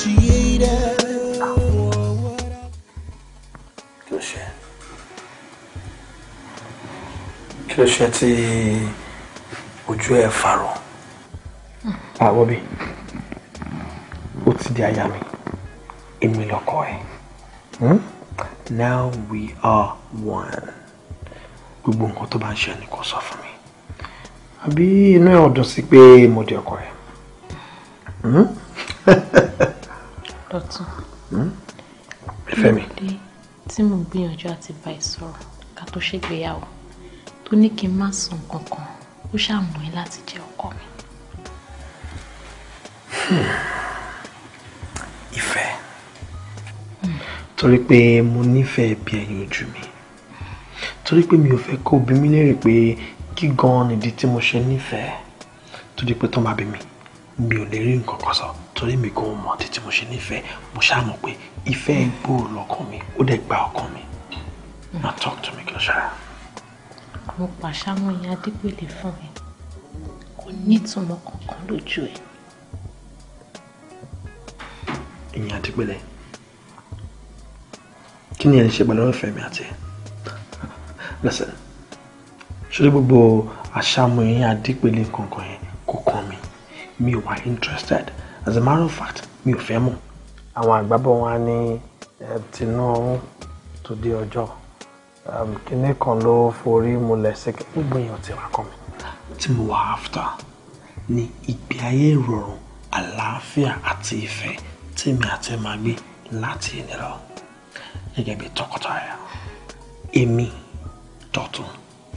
appreciated for what I... Kí ló ṣe? Kí ló ṣe tí ojú ẹ farọ? Àwọn bí ó ti di aya mi, èmi lọkọ ẹ. Hmm? Now we are one. Gbogbo nǹkan tó bá ń ṣe ẹnìkan sọ fún mi. Àbí inú ẹ̀ ọ̀dùn sí pé mo di ọkọ ẹ. Hmm? Dọ̀tun. Hmm? Fẹ́mi. Lóde tí mo gbìyànjú àti bá ẹ sọ̀rọ̀ ká tó ṣègbéyàwó tó ní kí n má sọ nǹkan kan ó ṣàmù ẹ́ láti jẹ́ ọkọ mi. Hmm. Ìfẹ́. Hmm. Torí pé mo nífẹ̀ẹ́ bí ẹyin ojú mi. Torí pé mi ò fẹ́ kó bí mi lérè pé kí gan-an nìdí tí mo ṣe nífẹ̀ẹ́. Torí pé tó máa bí mi, mi ò lè rí nǹkan kan sọ. So torí mi gan mọ̀ títí mo ṣe nífẹ̀ẹ́ mo ṣáà mọ̀ pé ìfẹ́ gbòòrò lọ́kàn mi ó dẹ̀ gba ọkàn mi now talk to me kìlọ̀ ṣáà. mo pàṣà mọ ìyá adépèlé fún mi kò nítumọ̀ kankan lójú ẹ̀. ìyá adépèlé kí ni ẹ ṣe pẹ̀lú ọ̀fẹ́ mi àti ẹ̀ lẹ́sẹ̀ ṣé gbogbo àṣà mọ ìyá adépèlé kankan yẹn kò kàn mí mi ò wá interested as a matter of fact mi ò fẹ́ mọ̀ àwọn àgbàbọ̀ wọn á ní tinú tó dé ọjọ́ kinní kan ló forí mulẹ̀ sí gbogbo èèyàn ti wá kàn mí. tí mo wà áfítà ni ìgbé ayé ìrọ̀rùn àlàáfíà àti ìfẹ́ tèmi àti màá gbé láti ìní lọ gẹ́gẹ́ bí tọkọtaya èmi Dọ̀tun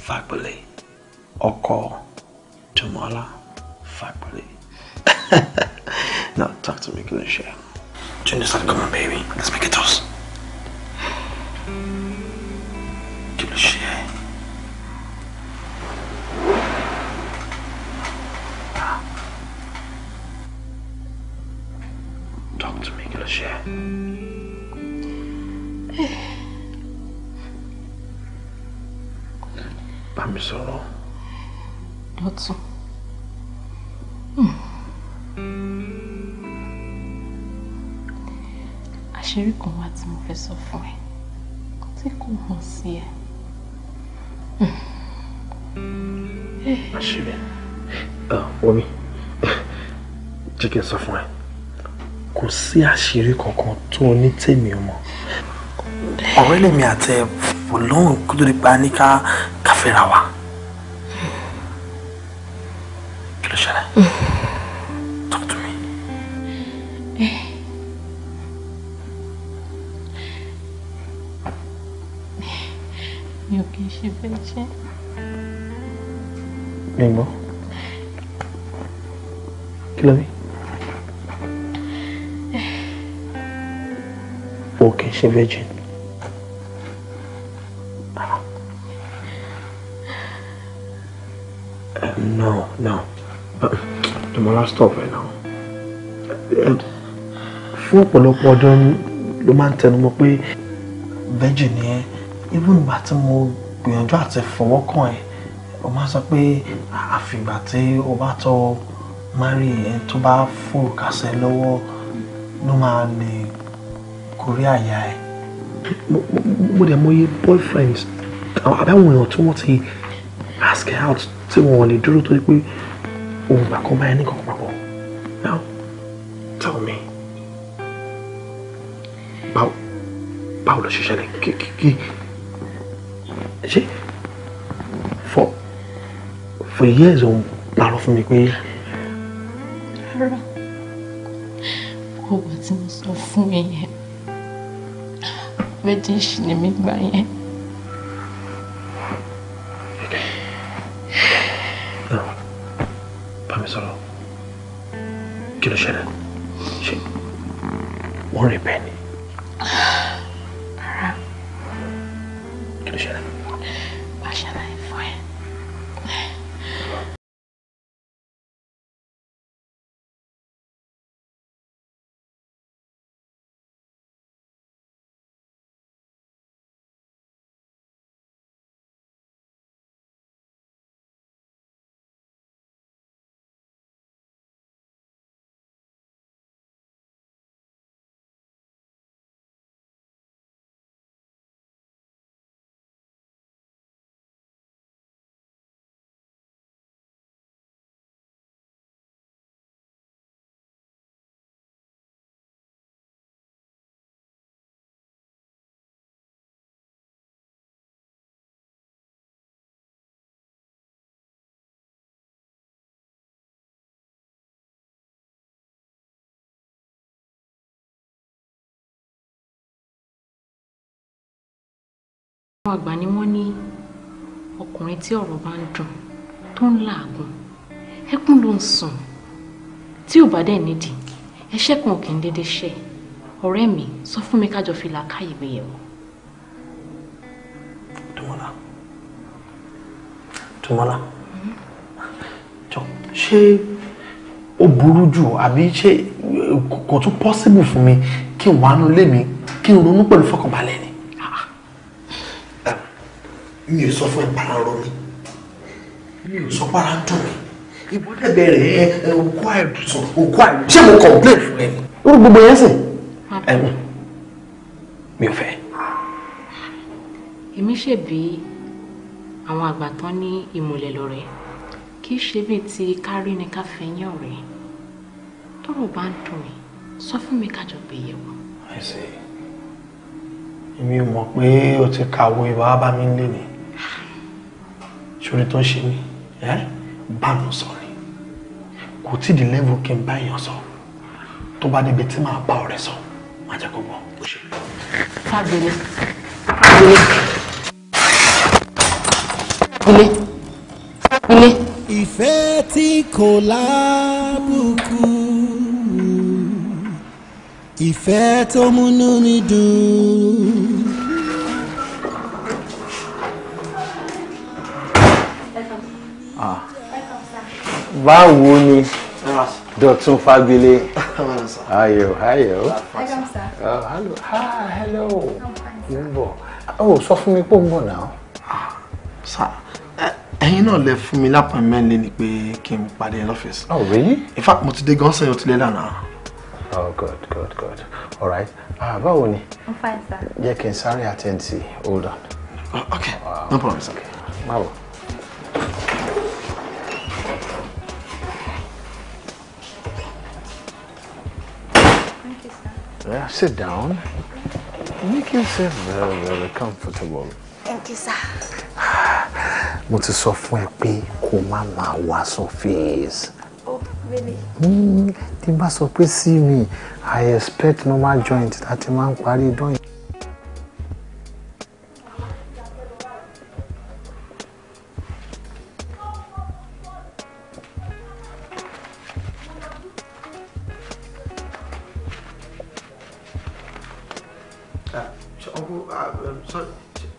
Fágbélé ọkọ Dùmọ́lá Fágbélé. no, talk to me, Glacier. Do you understand? Come on, baby. Let's make a toast. Glacier. Talk to me, I'm Glacier. Bambi solo. Dotson. Hmm. àṣírí kan wà tí mo fẹ́ sọ fún ẹ tí kò hàn sí ẹ. àṣírí omi jẹ́ kí n sọ fún ẹ kò sí àṣírí kankan tó ní tèmi o mọ̀ ọ̀rẹ́ lèmi àti ẹ̀ fò lóhùn kó tó di pa ní ká káfíńra wa kí ló ṣẹlẹ̀. ṣe fẹ́ jẹ́. gbẹ̀ngbọ́n kí ló dé. o kì í ṣe virgin. no no Demola stop right now. fún ọ̀pọ̀lọpọ̀ ọdún ló máa ń tẹnu mọ́ pé virgin ni ẹ́ even ìgbà tí gbìyànjú àti fọwọ́ kàn ẹ́ o máa sọ pé àfìgbà tí o bá tó mari ẹ tó bá fòrùkàṣẹ lọ́wọ́ ló máa lè kórí àyà ẹ. mo dẹ̀ mọ iye boyfriends àbáwọn èèyàn tí wọ́n ti ask her out tí wọn ò lè dúró tó pé òun gbà kan báyìí ní kankan papọ̀ now tell me báwo báwo ló ṣe ṣẹlẹ̀ kí kí kí. for years òun parọ́ fún mi pé. rárá ọgbà mo sọ fún yẹn méjì ṣì ni mi gbà yẹn. àwọn àgbà ni wọ́n ní ọkùnrin tí ọ̀rọ̀ bá ń dùn tó ń làágùn ẹkún ló ń sùn tí ò bá dẹ̀ nídìí ẹṣẹ́ kan kì í dédé ṣe ọ̀rẹ́ mi sọ fún mi kájọ fi làákàyè mi yẹ̀wò. Tùmọ̀lá Tùmọ̀lá jọ ṣé ó burú jù àbí ṣé kò tún pọ́síbù fún mi kí n wà nínú mi kí n ronú pẹ̀lú fọkànbalẹ̀ ni mi ò sọ fún ẹ para rọ mi mi ò sọ para dùn mi ìbọn dẹ̀bẹ̀ ẹ ẹ òkú àìdùsùn òkú àìdùsùn ṣé mo complain fún ẹ. lórí gbogbo yẹn sìn. ẹ̀wọ̀n mi ò fẹ́. èmi ṣèbí àwọn àgbà tán ní ìmùlẹ̀ lọ́rẹ́ kì í ṣe bíi ti kárí ni ká fẹ̀yìn ọ̀rẹ́ tọ́rọ̀ bá ń dùn mí sọ fún mi kájọ gbé yẹ̀wò. èmi mọ̀ pé o ti kàwé bàbá mi lé ni ṣòro tó ń ṣe mí ẹ bá mi sọ ni kò tí di level kí n bá èèyàn sọ tó bá débi tí màá bá ọ̀rẹ́ sọ má jẹ́ kó gbọ́. fagele fagele fagele fagele. ìfẹ́ tí kò lábùkù ìfẹ́ tó múnú mi dùn. Ah. báwo ni Dọ̀tun Fábílé ayọ̀ ayọ̀ ah, hello ah, hello bọ̀ ó sọ fún mi pé ó ń bọ̀ náà. ẹ̀yin náà lè fún mi lápẹ̀mẹ́ lé ni pé kí n pàdé ẹ lọ́fíìsì. oh really. in fact mo ti dé gánsan yóò ti lé lánàá. oh good good good all right uh, báwo ni. i'm fine sir. jẹ́ kí n sáré attend hold on. Oh, okay no problem sir. má bọ̀. Yeah, sit down. Make yourself very, very comfortable. Thank you, sir. Mo ti sọ fún ẹ pé kó má máa wá surface. Oh, really? Hmm, tí n bá sọ pé sí mi, I expect normal joint láti máa ń parí dán yìí.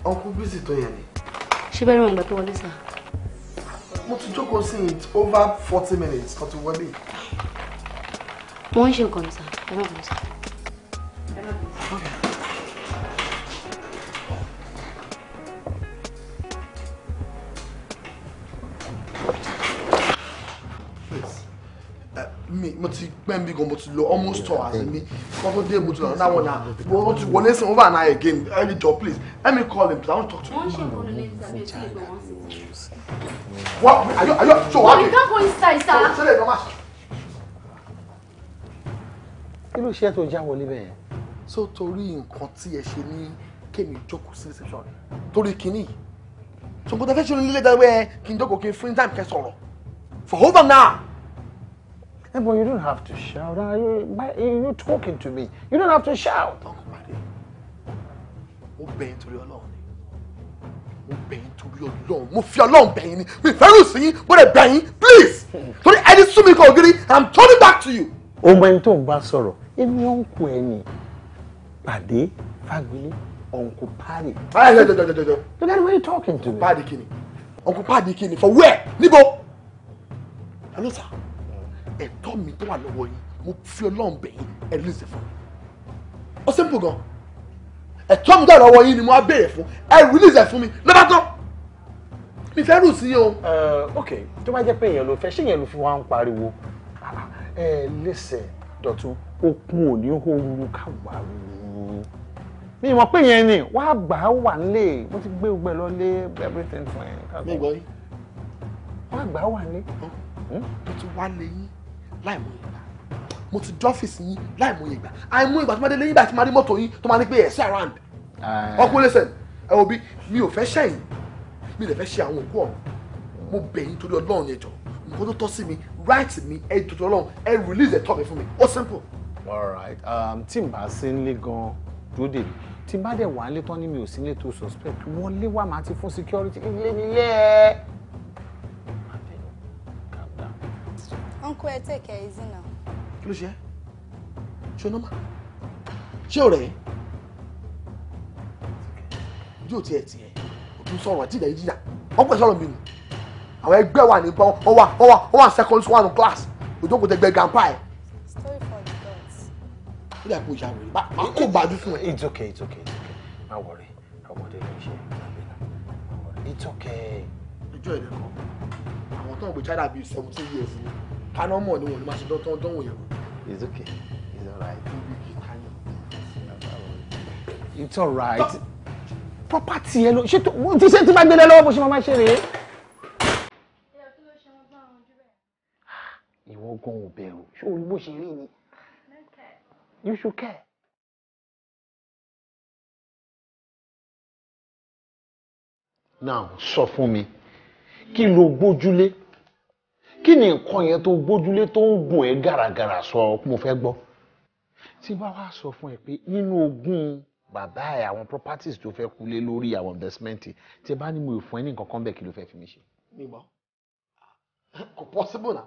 Uncle, bísí tó yẹn ni. ṣé bẹ́ẹ̀ ni wọ́n gbà tó wọlé sà. mo ti jókòó sí it over forty minutes tó ti wọlé. mo ń ṣe nǹkan sà ẹ má bọ̀ Eh, mi mo ti pẹ́ mi gan mo ti lọ almost tọ́ as mi kọ́ tó dé mo ti lọ náà ah, wọ́n náà mo ti wọlé sí over and I again help me talk please Let me call him please I wan talk to him. wọ́n ṣe ìbọn lórí ìtàgé ìgbà wọn sí. wọ́n ayọ̀ ayọ̀ so wà á kẹ́. you can't go inside sir. ṣẹlẹ̀ ìgbà máa ṣe. irú iṣẹ́ tó já wọlé bẹ́ẹ̀. so torí nǹkan tí ẹ ṣe ní kémi jókòó sí reception torí kínní so kò tẹ́ fẹ́ ṣe onílé dáwẹ́ kí n jókòó kí n fún time kẹ́ sọ̀rọ̀ for over now. Hey, boy, you don't have to shout. Are ah, you, you talking to me? You don't have to shout. Ọkùnrin mo bẹ̀ yín torí Ọlọ́run ni mo bẹ̀ yín torí Ọlọ́run mo fi Ọlọ́run bẹ̀ yín ni mi fẹ́ rùn sí yín mo lè bẹ̀ yín please torí ẹni sún mi kan ògiri I'm turning back to you. ọmọ ẹni tó ń bá sọ̀rọ̀ èmi ọ̀nkù ẹni pàdé fagbélé ọ̀nkù pàdé. ẹ jọjọ jọjọ jọjọ. so then why you talking to me. pàdé kìíní ọ̀nkù pàdé kìíní for where níbo. hello sir ẹ̀tọ́ mi tó wà lọ́wọ́ yín mo fi ọlọ́run bẹ̀ yín ẹ release fún mi ó simple gan ẹ̀tọ́ mi tó wà lọ́wọ́ yín ni mo á béèrè fún ẹ release fún mi lọ́ba tán mi fẹ́ rù sí o. ok tó bá jẹ́ pé èèyàn ló fẹ́ ṣé èèyàn ló fi wá ń pariwo ẹ lẹ́sẹ̀ dọ̀tún okun ò ní hóoru ká wà rúurú mi mọ̀ pé yẹn ni wàá gbà á wà nílé mo ti gbé gbẹ lọ lé everything fine. mi gbọ́ yín. wàá gbà á wà nílé. tó hmm? ti wá lè yín láìmọye ìgbà mo ti dọ́fíìsì yín láìmọye ìgbà àìmọye ìgbà tó máa dé lẹ́yìn ìgbà tí máa rí mọ́tò yín tó máa ní pé ẹ̀ sí around ọkùnrin eh. lẹ́sẹ̀ ẹ wò bí mi ò fẹ́ ṣẹ̀yìn mi lè fẹ́ ṣe àwọn òkú ọ̀run mo bẹ̀ yín torí ọlọ́run ẹ̀jọ̀ nǹkan tó tọ́ sí mi right mi ẹ jòjò ọlọ́run ẹ release ẹ mi fún mi ó simple. all right um, tí n bá sí ń lé gan-an dúró dè tí n bá dẹ̀ wà á lé tán ni mi ò sí ń tó suspect wọlé wà máa ti fún security ilé nílé ẹ̀. kó ẹ take care easy now. kí ló ṣe é ṣe ọ̀nà ṣé ọ̀rẹ́ yóò tiẹ̀ tiẹ̀ òtún sọ̀rọ̀ àti ìdá yìí wọ́n pèsè ọ̀rọ̀ mi nù àwọn ẹgbẹ́ wà ní bọ́ ọ wà ọ wà ọ wà second one class òjòkó tẹ gbẹ grandpa ẹ. ó dà kó ìyá rẹ bá a kò gbàdú fún ẹ. it's okay it's okay it's okay má wọrí ọmọdé ló ń ṣe it's okay. ẹjọ́ ìdẹ́kọ̀ àwọn tó ń gbé China bíi seventeen years ni kaná mọ̀ ni wọn ló máa ṣe dán dánwò yẹn. it's okay it's alright. it's alright. property yẹn ló ṣe tó ti ṣe tí máa gbélé lọ́wọ́ bó ṣe máa ṣe rèé. ìwọ gan ò bẹ̀rù ṣé o bó ṣe rí ni you should care. now sọ fún mi kí lo gbójúlé kí ni nǹkan yẹn tó gbójúlé tó ń gùn ẹ gàràgàrà sọ mo fẹ́ gbọ́ tí bá wàá sọ fún ẹ pé nínú ogún bàbá ẹ àwọn properties tó fẹ́ kulé lórí àwọn investment tí bá ní mo fún ẹ ní nǹkan kan bẹ́ẹ̀ kí ló fẹ́ fi mi ṣe. nígbà kò possible na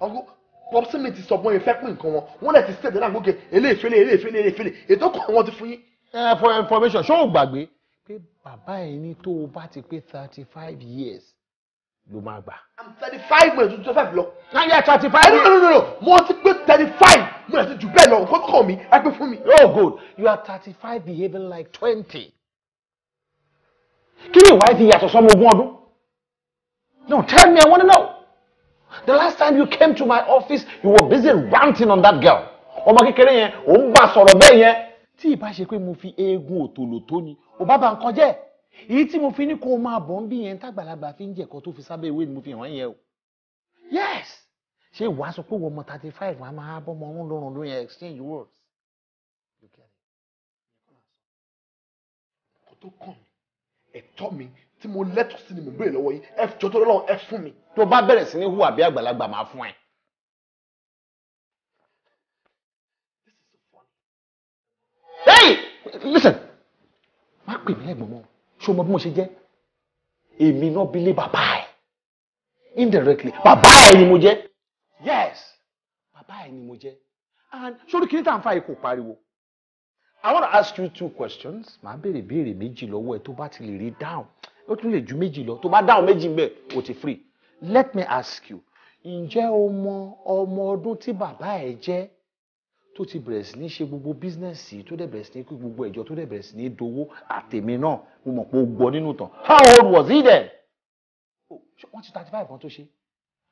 ọgbọ́n pọ́pọ́sí mi ti sọ bọ́n ìfẹ́ pín nǹkan wọn wọ́n lẹ̀ ti ṣẹ̀dẹ̀ náà gòkè eléèfẹ́lẹ̀ eléèfẹ́lẹ̀ eléèfẹ́lẹ̀ ètò kan wọn ti fún yín. ẹ for information ṣó o gbàgbé pé bàbá ẹ ní tó o bá ti pé thirty five years ló máa gbà. i'm thirty five minutes to twenty five lọ. náyà thirty five. no no no no mo ti pé thirty five minutes jù bẹ́ẹ̀ lọ kó kàn mí á pé fún mi. oh good you are thirty five behaving like twenty. kí ni ìwà ìfi yàtọ̀ sọ́mọ ogún ọdún. no tell me i wanna know. the last time you came to my office you were busy ranting on that girl. ọmọ kékeré yẹn ò ń bá sọ̀rọ̀ bẹ́ẹ̀ yẹn. tí ìbá ṣe pé mo fi eégún òtòlò tó ni ò bá ba nǹkan jẹ́ èyí tí mo fi ní kó o máa bọ̀ ń bí yẹn tágbàlagbà fi ń jẹ̀kọ́ tó fi sábẹ́ ìwé ni mo fi hàn yẹn o yes ṣé ìwà sọ pé wọ́n mọ thirty five wàá máa bọ́ ọmọ ọ̀hún lọ́rùn lóyún exchange words. ọkọ tó kàn mí ẹ̀tọ́ mi tí mo lẹ́tọ̀ọ́ sí ni mo béèrè lọ́wọ́ yìí ẹ jọ tó lọ́wọ́ ẹ fún mi. tó bá bẹ̀rẹ̀ sí ní hùwà bí àgbàlagbà máa fún ẹ. hey listen má pè mí lẹ́gbọ̀n mọ́ ṣé o mọ bí mo ṣe jẹ́ èmi náà bí lé bàbá ẹ̀ indirectly bàbá ẹ̀ ni mo jẹ́ yes bàbá ẹ̀ ni mo jẹ́ and sórí kí ní tà ń fa ikú pariwo I want to ask you two questions màá béèrè béèrè méjì lọ́wọ́ ẹ tó bá ti lè rí down ó tún lè ju méjì lọ tó bá dáhùn méjì mbẹ o ti free let me ask you ǹjẹ́ o mọ ọmọ ọdún tí bàbá ẹ jẹ́ tó ti bẹ̀rẹ̀ sí ní ṣe gbogbo bísínẹ́sì tó dẹ̀ bẹ̀rẹ̀ sí ní kí gbogbo ẹ̀jọ́ tó dẹ̀ bẹ̀rẹ̀ sí ní dowó àtẹ̀mí náà mo mọ̀ pé ó gbọ́ nínú tán how old was he then? Oh, wọ́n ti thirty five kan tó ṣe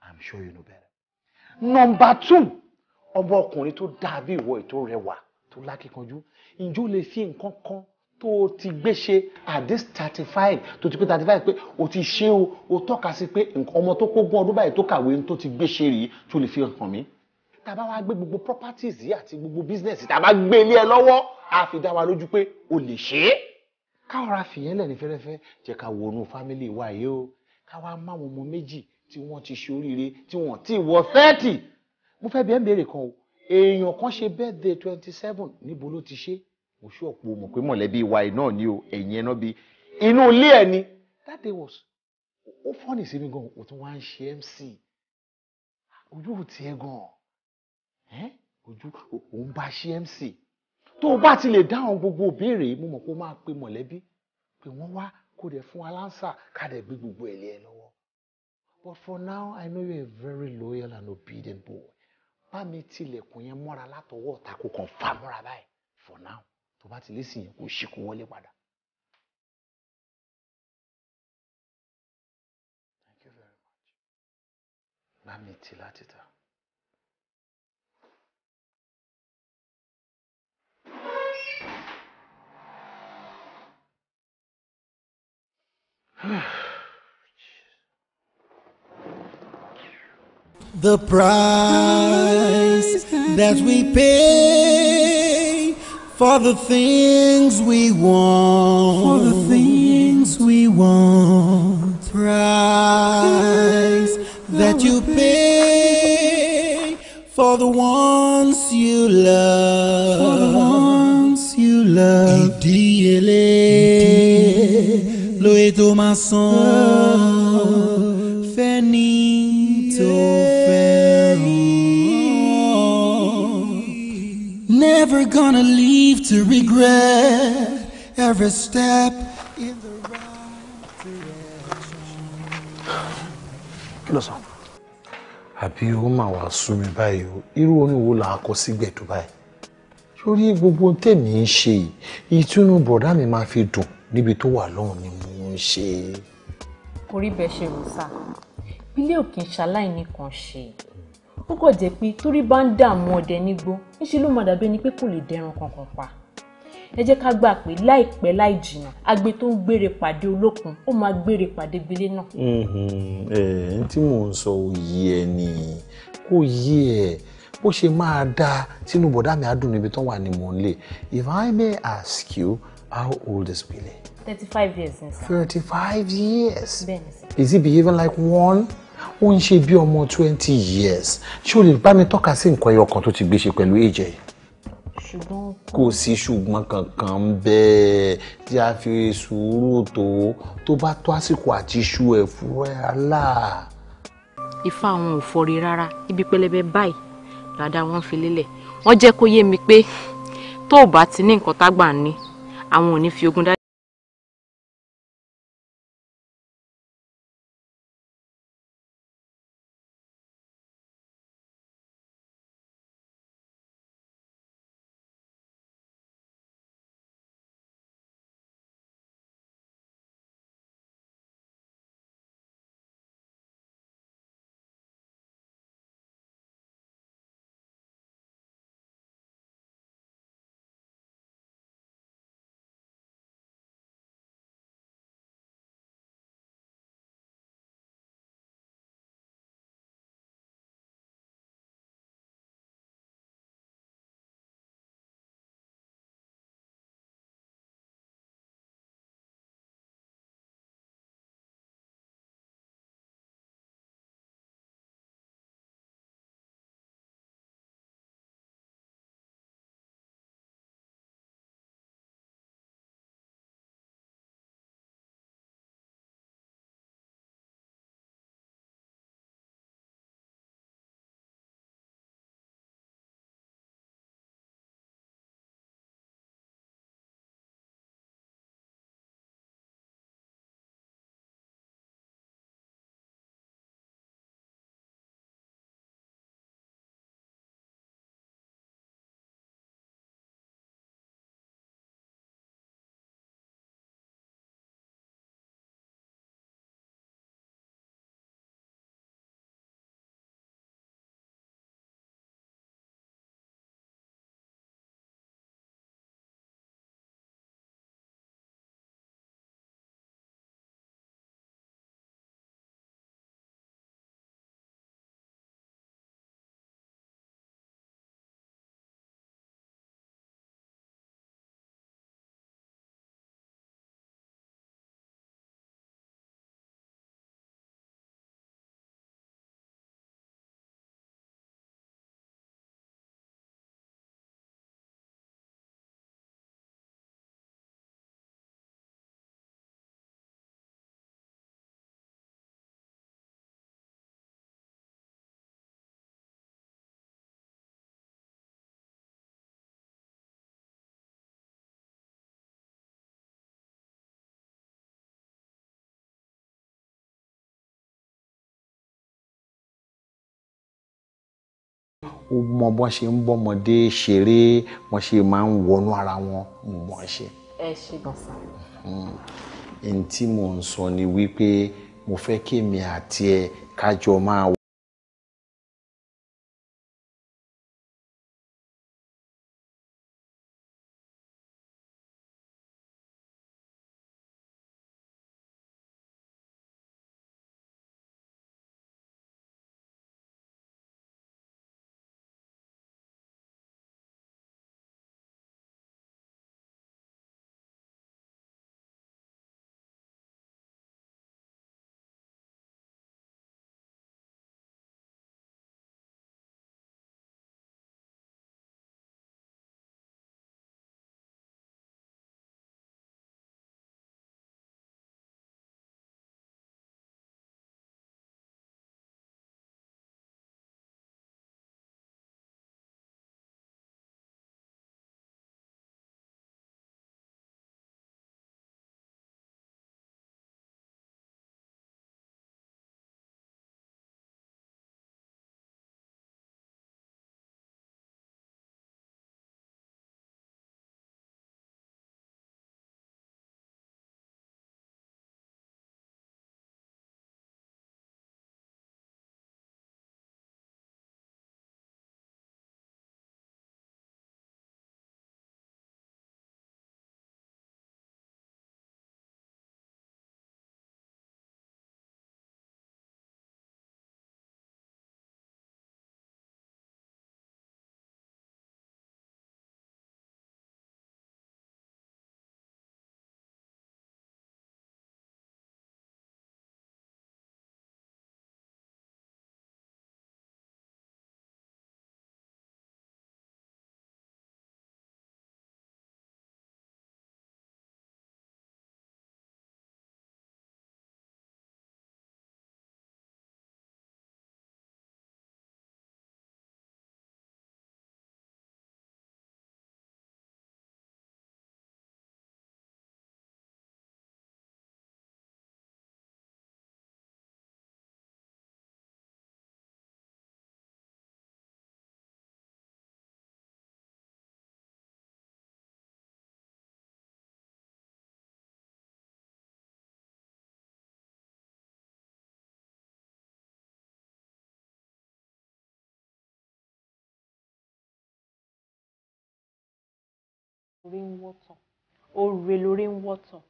i'm sure you know better. number two ọmọ ọkùnrin tó dáa bí ìwọ ètò rẹwà tó lákìkanjú ǹjọ́ lè fi nǹkan kan tó o ti gbé ṣe at this thirty five tó ti pé thirty five pé o ti ṣe o o tọ́ka sí pé ọmọ tó kógún ọdún báyìí tó kàwé tó ti gbé ṣe rèé tó lè fi hàn mí tàbá wa gbé gbogbo properties yìí àti gbogbo business tàbá gbé ilé ẹ lọ́wọ́ á fi dá wa lójú pé o lè ṣe é káwọra fìyẹn lẹ́ni fẹ́rẹ́fẹ́ jẹ́ ká wọnú fámílì wa yìí o káwa máwọn ọmọ méjì tí wọ́n ti ṣe oríire tí wọ́n ti wọ thirty mo fẹ́ bi ẹ́ ń béèrè kan o èèyàn kan ṣe birthday twenty seven níbo ló ti ṣe mo ṣe ọ̀pọ̀ mọ̀ pé mọ̀lẹ́bí wa yìí náà ni o ẹ̀yìn ẹ̀ náà bi inú ilé ẹ̀ ni that day was ó fọ́nì sí mi gan o tún wá ń ṣe mc ojú ò tiẹ̀ gan-an ojú òun bá ṣe mc tó bá ti lè dáhùn gbogbo ìbéèrè mo mọ̀ pé ó máa pe mọ̀lẹ́bí pé wọ́n wá kó dẹ̀ fún aláǹsà ká dẹ̀ gbé gbogbo ẹ̀ lé ẹ lọ́wọ́ but for now i know you're a very loyal and obedient boy bá mi tilẹ̀kùn yẹn mọ́ra látọwọ́ ọ̀tá kò kàn fà mọ́ra báyìí for now tó bá ti lè sìn yẹn kò ṣe kó wọlé padà. bá mi ti láti tà. the price that we pay for the things we want. For the things we want. Price that you pay for the ones you love. For the ones you love. DLA. lóye tó máa san fẹ́ni tó fẹ́ràn. Never gonna leave to regret every step in the right direction. Kí ló sọ? Àbí ó máa wá sú mi báyìí o, irú orin wo là á kọ sígbẹ̀ tó báyìí? Sórí gbogbo tèmi ń ṣe yìí, ìtùnú bọ̀dá mi máa fi dùn níbi tó wà lọ́hùn ni mo ń ṣe. kò rí bẹ́ẹ̀ ṣe rò sá ilé òkè ṣaláìní kan ṣe ó kàn jẹ́ pé torí bá ń dààmú ọdẹ nígbó níṣẹ́ ló máa dàbí ẹni pé kò lè dẹran kankan pa ẹ jẹ́ ká gbà pé láìpẹ́ láì jìnnà agbe tó ń gbére pàdé olókun ó máa gbére pàdé gbélé náà. ẹ tí mò ń sọ òye ẹ ni kò yí ẹ bó ṣe máa dáa tínú bọ̀dá mi á níbi tán wà ní mò ń lè if I may ask you how old is Billy. 35 years ni sir. 35 years. Bẹ́ẹ̀ni sir. Is he behaving like one? Ó ń ṣe bí ọmọ twenty years. Ṣé o lè bá mi tọ́ka sí nǹkan ẹyọ kan tó ti gbé ṣe pẹ̀lú AJ. yìí? Ṣùgbọ́n. Kò sí ṣùgbọ́n kankan ń bẹ́ẹ̀ tí a fi sùúrù tó tó bá tó àsìkò àti ṣu ẹ̀ fúnra ẹ̀ alá. Ifá àwọn ò fọre rárá ibi pẹlẹbẹ báyìí ládàá wọn fi lélẹ̀ wọ́n jẹ́ kó yé mi pé tó o bá ti ní nǹkan tágbà ní àwọn ò ní fi ogun dá. ó mọ bọ́n ṣe ń bọ́mọdé ṣeré wọ́n ṣe máa ń wọnú ara wọn mọ̀ ọ́n ṣe. ẹ ṣe bọ̀sà. Hmm. n tí mò ń sọ ni wípé mo fẹ́ kí èmi àti ẹ kájọ máa lórí ń wọ́tàn oore lórí ń wọ́tàn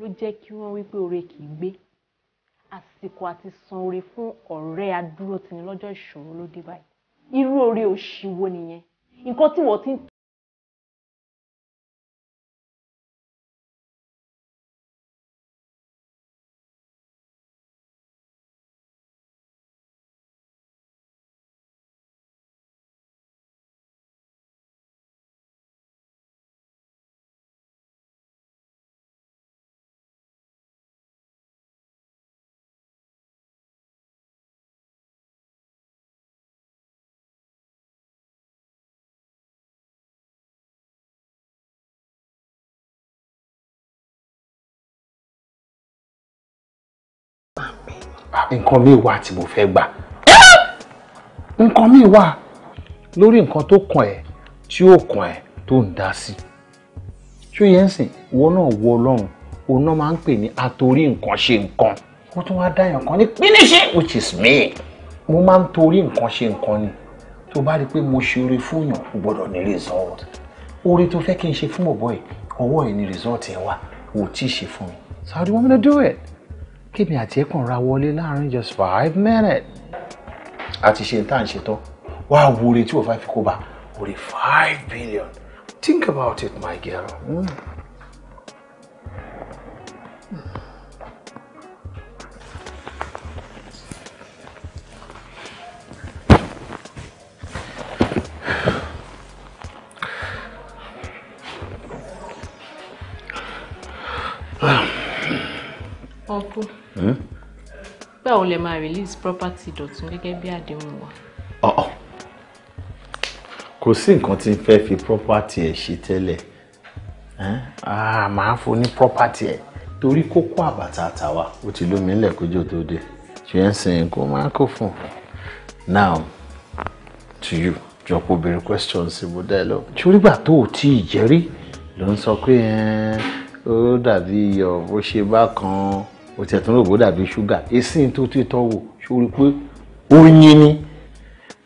ló jẹ́ kí wọ́n wí pé oore kì í gbé àsìkò àti san oore fún ọ̀rẹ́ adúrótini lọ́jọ́ ìṣòro ló dé báyìí irú oore òṣì nìyẹn nǹkan tí wọ́n ti ń nǹkan mi wà tí mo fẹ́ gbà nǹkan mi wà lórí nǹkan tó kàn ẹ́ tí ó kàn ẹ́ tó ń dá sí ṣó yẹn sìn wọn náà wọ ọlọ́run òun náà máa ń pè ní atorí nǹkan ṣe nǹkan ó tún wá dá nǹkan ní pínísì which is me mo máa ń torí nǹkan ṣe nǹkan ni tó bá rí i pé mo ṣe oore fún yàn kò ní result oore tó fẹ́ kí n ṣe fún bọ̀bọ̀ yìí ọwọ́ ẹ̀ ní result yẹn wà ò tí ì ṣe fún mi so how do you do it kémi àti ẹ̀kàn ra wọlé láàrin just five minutes àti ṣe tá à ń ṣetán wá wo oore tí wọ́n fẹ́ fi kó bá oore five billion think about it my girl. Mm. Uncle báwo lè máa release property Dọ̀tun gẹ́gẹ́ bí àdéhùn wa. kò sí nǹkan tí n fẹ́ fi property ẹ̀ ṣe tẹ́lẹ̀ màá fún ní property ẹ̀ torí kókó àbàtà àtàwà ó ti lómi ńlẹ̀ kójó tó dé ṣe ń sin kó máa kó fún now to you jọ̀pọ̀ obìnrin questions mo dá ẹ lọ. ṣorígbà tó o tí ì jẹ́rí ló ń sọ pé ó dàbí iyọ̀ bó ṣe bá kan o tẹ̀ tún dàbí ṣúgà èsì tó wò ṣorí pé oyin ni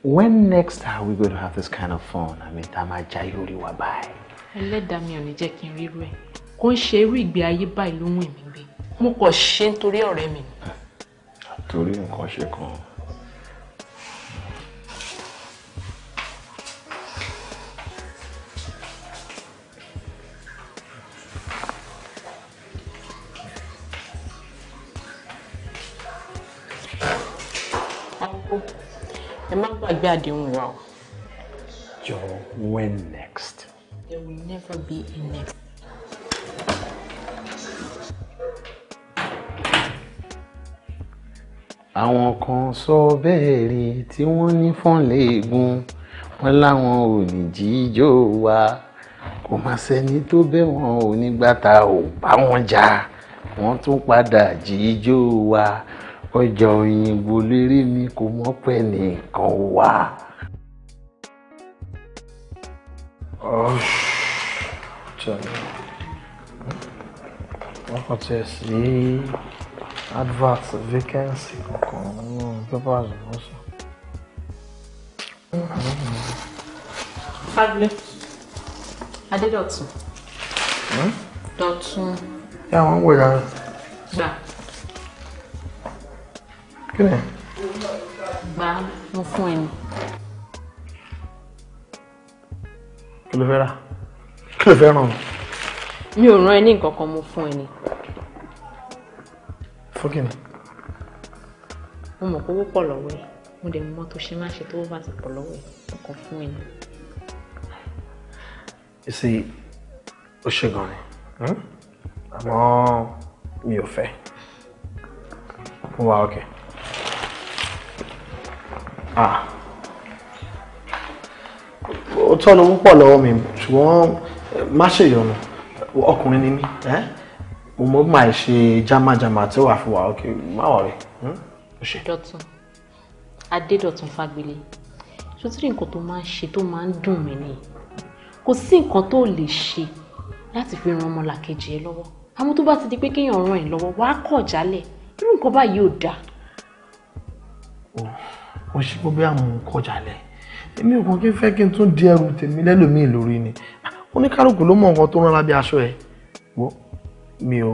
when next are we going to have this kind of fun àmì tá a máa jayé orí wa báyìí. ẹlẹ́dàá mi ò ní jẹ́ kí n rírú ẹ̀ kó ń ṣe irú ìgbé ayé báyìí ló ń wù mí gbé mo kàn ṣe nítorí ọ̀rẹ́ mi. àtòrí nǹkan ṣe kan. ẹ má gbàgbé àdéhùn wa o. jọ when next. there will never be a next. àwọn kan sọ bẹ́ẹ̀ rí tí wọ́n ní fọ́nlẹ́ẹ̀gùn wọn láwọn ò ní jíjó wa kò má sẹ́ni tó bẹ́ wọn ò ní gbàtà ò bá wọn jà wọ́n tún padà jíjó wa ọjà òyìnbó lérè mi kò mọ́pẹ́ nìkan wá. wọ́n kàn tiẹ̀ sí advert vacancy kankan nínú pépà àzùmọ́sọ. Fadle Adédọ̀tun. Dọ̀tun. Ṣé àwọn ń wẹ̀ rárá? Gbà kíni. gbà mo fún ẹ ni. kí ló fẹ́ rà kí ló fẹ́ ràn ọ́. mi ò rán ẹ ní nǹkan kan mo fún ẹ ni. fún kíni. mo mọ̀ kówó pọ̀ lọ́wọ́ ẹ̀ mo dẹ̀ mọ̀ tó ṣe máa ṣe tó bá ti pọ̀ lọ́wọ́ ẹ̀ ọkàn fún hmm? mi ò fẹ́ mo wà ọkẹ́. Okay ó tọ́nu púpọ̀ lọ́wọ́ mi ṣùgbọ́n eh, má ṣèyọnu ọkùnrin ni mí mo mọ bí màá ṣe jámájámá tí ó wà fún wa ok má wà rẹ hmm? ó ṣe. dọ̀tun adédọ̀tun fagbélé ṣòtúrì nǹkan tó máa ń ṣe tó máa ń dùn mí nìyí kò sí nǹkan tó lè ṣe láti fi ran ọmọlàkejì ẹ lọ́wọ́ àmọ́ tó bá ti di pé kéèyàn ràn ẹ́ lọ́wọ́ wàá kọ̀ jálẹ̀ irú nǹkan báyìí ò dáa. Oh kò ṣe pé bóyá mò ń kọjá lẹ̀ èmi ò kàn kí n fẹ́ kí n tún di ẹrù tèmi lẹ́lòmíì lórí ni oníkálukú ló mọ nǹkan tó rán lábẹ́ aṣọ ẹ̀ wọ́ mi ò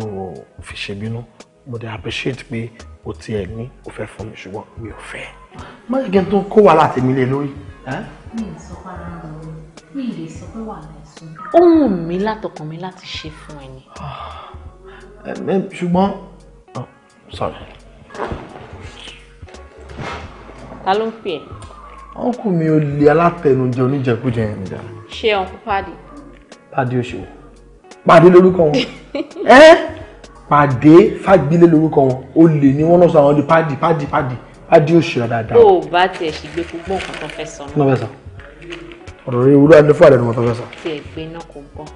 fi ṣèbínú mo dẹ̀ appreciate pé o tiẹ̀ ní o fẹ́ fún mi ṣùgbọ́n mi ò fẹ́ má jẹ́ kí n tún kó wàhálà tèmi lé lórí. mi o mi ì lè sọ pé wàhálà ẹ̀sùn. ó wù mí látọkàn mi láti ṣe fún ẹ ni. Ah, ṣùgbọ́n oh, sorry ta ló ń pè ẹ́. ọ̀nkù mi ò lè alátẹnujẹ oníjẹkújẹ yẹn nìjà. ṣé ọ̀nkù pàdé. pàdé òṣèlú pàdé lórúkọ wọn ẹ pàdé fàgbélé lórúkọ wọn olè ni wọn náà sọ àwọn ọdún pàdé pàdé pàdé pàdé òṣèlú dáadáa. tó o bá tiẹ̀ sì gbé gbogbo nǹkan tó fẹ́ sọ náà. fẹ́ sọ ọ̀rọ̀ rẹ wúlò àdé fún àdéhùn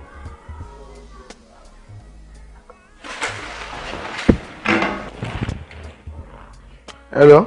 Hello.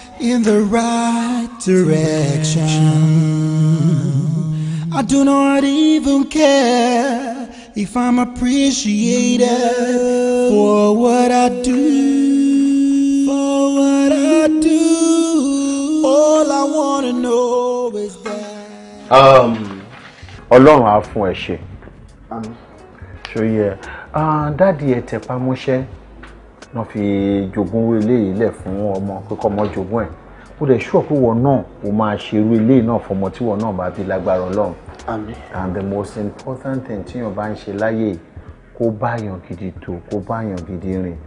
in the right direction. I do not even care if I'm appreciated for what I do. For what I do. All I want to know is that. Um, Ọlọ́run á fún ẹ ṣe. Ṣòye ẹ̀ ah, dáàdi ẹ̀ tẹ̀pá mọ́ṣẹ́ wọ́n fi jogún eléyìí lẹ̀ fún ọmọ kíkọ́ ọmọ jogún ẹ̀ ó dẹ̀ ṣúọ̀ pé wọn náà ó máa ṣe irú eléyìí náà fọmọ tí wọn náà bá fi lágbára ọlọ́run àmín and the most important thing tí yàn bá ń ṣe láyè kó báyàn gidi tó kó báyàn gidi rìn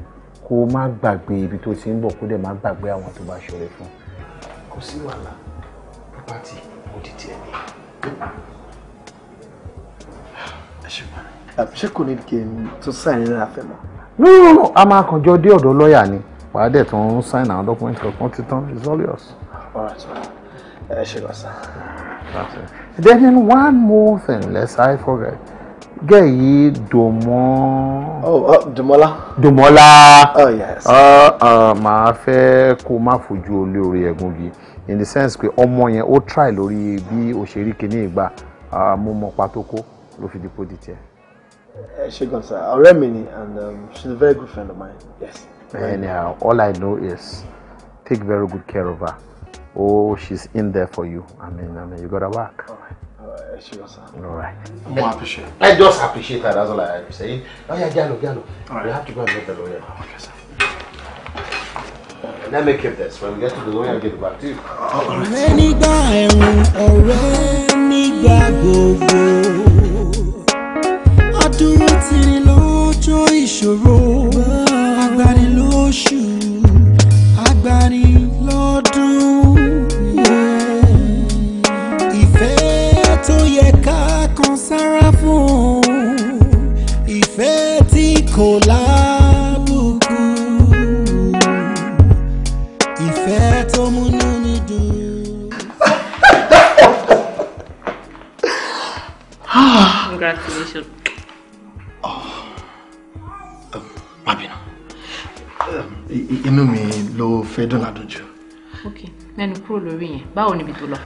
kó má gbàgbé ibi tó ti ń bọ̀ kó dẹ̀ má gbàgbé àwọn tó bá ṣọ̀rẹ́ fún. kò sí wàhálà pípàtì òdìdí ẹni ṣé kò ní kí n tún sáà nílẹ̀ àfẹ́ mọ́ no no no a máa kàn jọ dé ọ̀dọ̀ lọ́ọ̀yà ni wàá dẹ̀ tó ń sign àwọn document kankan ti tán it's all yours. alright ẹ ṣe lọ sá. then in one more thing lest I forget gẹ́ yìí dòmọ́. oh uh, dòmọ́lá. dòmọ́lá. oh yes. Ah, ah, màá fẹ́ kó má fojú olóore ẹ̀gúngi in the sense pé ọmọ yẹn ó try lórí bí òṣèré kìíní ìgbà ah, mo mọ pàtó kó ló fi di pò di tiẹ̀. Eh, she to uh, a Remini, and um, she's a very good friend of mine. Yes. Anyhow, uh, all I know is take very good care of her. Oh, she's in there for you. I mean, I mean, you gotta work. All right. All right. Eh, uh, I'm More appreciate. I just appreciate her. That's all I am saying. Oh yeah, Gallo, Gallo. All right. We have to go and meet the lawyer. Oh, okay, sir. Let me keep this. When we get to the lawyer, I'll get it back to you. Oh, all right. àṣírí lọ́jọ́ ìṣòro agbárí lóṣù agbárí lọ́dún. ìfẹ́ tó yẹ ká kan sára fún ìfẹ́ tí kò láà. inú mi ló fẹ́ dùn àdójú. ok mẹ́nu kúrò lórí yẹn báwo níbi tó lọ.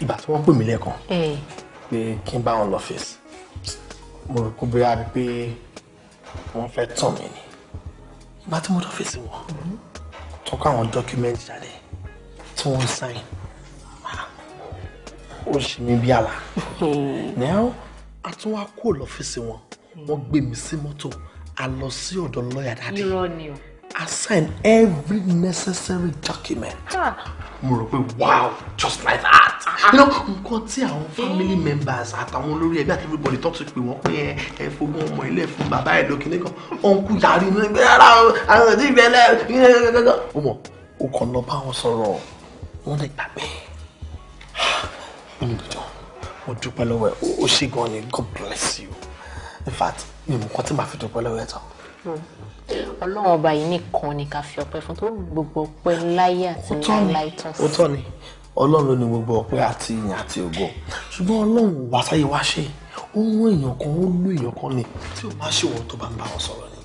ìgbà tí wọ́n pè mí lẹ́ẹ̀kan pé kí n bá wọn lọ fèsì mo rò kó bóyá pé wọ́n fẹ́ tàn mí ni ìgbà tí mo lọ fèsì wọn tó mm-hmm. kó àwọn dọ́kúmẹ́ǹtì jáde tí wọ́n sign ó ṣe mí bí àlá now a tún wá kó lọ́fíìsì wọn wọ́n gbé mi sí mọ́tò a lọ sí ọ̀dọ̀ lọ́ọ̀yà dáadé I sign every necessary document mo rò pé wow just like that ah, ah. you know nǹkan tí àwọn family eh. members àtàwọn olórí ẹbí àti everybody talk to pé wọ́n pé ẹ fogún ọmọ ilé fún bàbá ẹ̀ lókè nìkan ọ̀nkú yàrá ìgbéra àwọn ọ̀dọ́ ìbẹ̀lẹ̀ ọmọ o kàn lọ bá wọn sọ̀rọ̀ wọ́n lè gbàgbé olùdó mo dúpẹ́ lọ́wọ́ ẹ ó ṣe gan ni god bless you in fact mi mú kọ́tí màá fi dúpẹ́ lọ́wọ́ ẹ tán. ọlọ́run ọba yìí nìkan ni ká fi ọpẹ́ fún tó gbogbo ọpẹ́ láyé àti láyé tán sí. ó tọ́ ni ọlọ́run ló ní gbogbo ọpẹ́ àti ìyìn àti ògo ṣùgbọ́n ọlọ́run wà sáyé wá ṣe ó ń èèyàn kan ó lú èèyàn kan ni tí ò bá ṣèwọ́n tó bá ń bá wọn sọ̀rọ̀ ni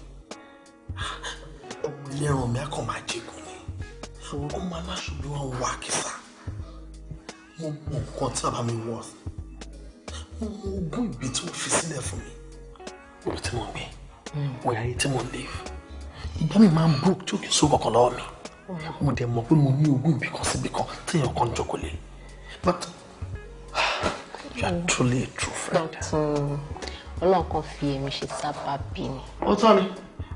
ọmọ ilé ẹran mi á kàn máa jẹun ọmọ aláṣubú wa ń wá kìsà mo mọ nǹkan tí bàbá mi wọ mo mọ ogún ìgbé tí wọ́n fi sílẹ̀ fún mi ibi tí mo ń gbé hmm. wọ́n ayé tí mo ń lè mi máa ń brook tí ò kí n sówó kan mi hmm. mo dẹ̀ mọ̀ pé mo ní ogún ìbí kan síbi kan téèyàn kan jókòó lé but you are truly a true friend. Hmm, ọlọ́run kan fi èmi ṣe sábà bí mi. ó tọ́ ni.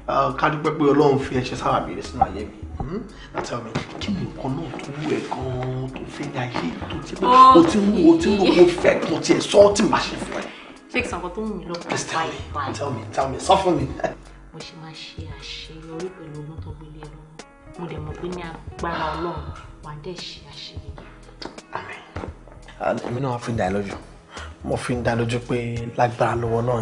Ah, ká pé ọlọ́run fi ẹ̀ṣẹ̀ sábà bèrè sínú ayé mi hmm? láti ọmọ kí ni nǹkan náà tó wú ẹ gan-an tó fẹ́ ní ayé tó ti pé o ti ń o ti ń wo mo fẹ́ kan tiẹ̀ sọ ọ́ tí màá ṣe fún ẹ. fake sankan tó ń mi lọ́kàn báyìí báyìí tell me tell me sọ fún mi. mo ṣe máa ṣe àṣeyọrí pẹ̀lú ogún tó gbélé ẹ lọ́wọ́ mo dẹ̀ mọ̀ pé ní agbára ọlọ́run wàá dẹ̀ ṣe àṣeyọrí. àmín ah, èmi náà fi ń dá lójú mo fi ń dá lójú pé lágbára lọ́wọ́ náà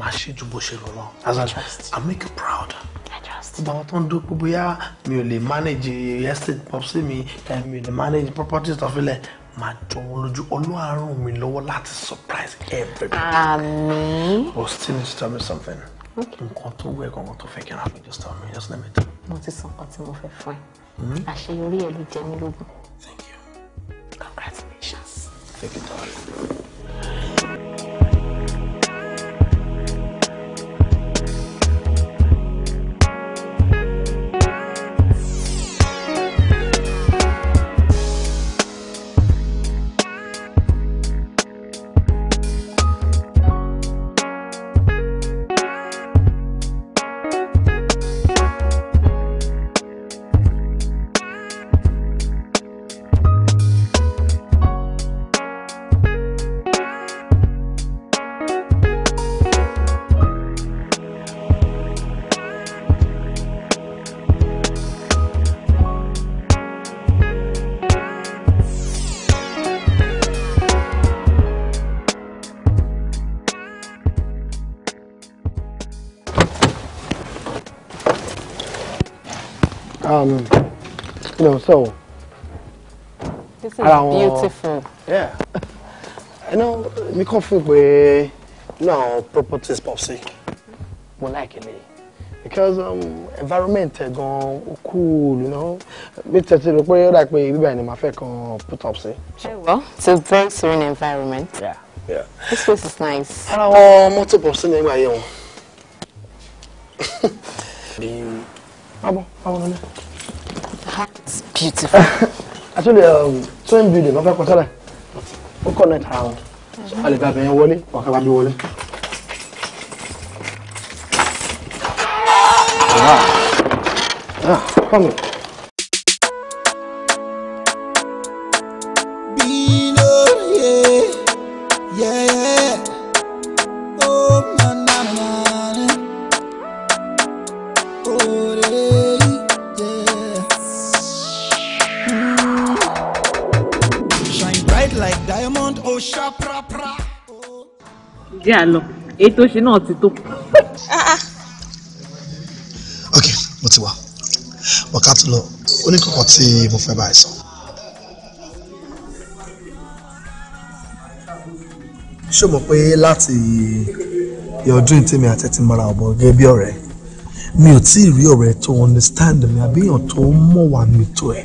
ṣe ju bó ṣe lọ I make you proud. I trust. gbogbo àwọn tó ń dúpọ̀ bóyá mi ò lè manage estate popsi mi eh, mi ò lè manage properties tó fi lẹ̀ máa jọ wọn lójú ọlọ́run mi lọ́wọ́ láti surprise everybody. àmín. but still need to tell me something. nǹkan tó wẹ̀ gangan tó fẹ́ kí n rà mí just tell me just let me tell. mo ti sọ nǹkan tí mo fẹ́ fún ẹ hmm? àṣeyọrí ẹ ló jẹ mí lógún. thank you. congratulations. thank you darling. You know, so. this is beautiful. Yeah. mi know, fún pé náà properties pop properties popsy. like it because um, environment is gone cool you know bí tẹ̀sí rẹ pé ó dà pé bíbá ẹni máa put up sí. well it's a very serene environment. Yeah, yeah. this place is nice. Hello, wọn mọ́tò pọ̀ sí nígbà yẹn o. bí. báwo báwo ló lẹ. It's beautiful. Actually, um, twin building, wọ́n fẹ́ kọ́ sọ́dọ̀. Ó connect ara wọn. A lè bàbá yẹn wọlé, wọ́n fẹ́ wá bí wọlé. Ah, ah, come here. lọ èyí tó ṣe náà ti tó. Ah, ah. ok mo ti wá ọ̀ká tó lọ oníkọ̀kọ̀ tí mo fẹ́ báyìí sọ. ṣé o mọ̀ pé láti ọdún ìtẹ́mi àti ẹ̀tì mara ọ̀bọ̀ gẹ́gẹ́ bí ọ̀rẹ́ mi ò tí ì rí ọ̀rẹ́ tó understand mi àbíyàn tó mọ̀ wá mi tó ẹ̀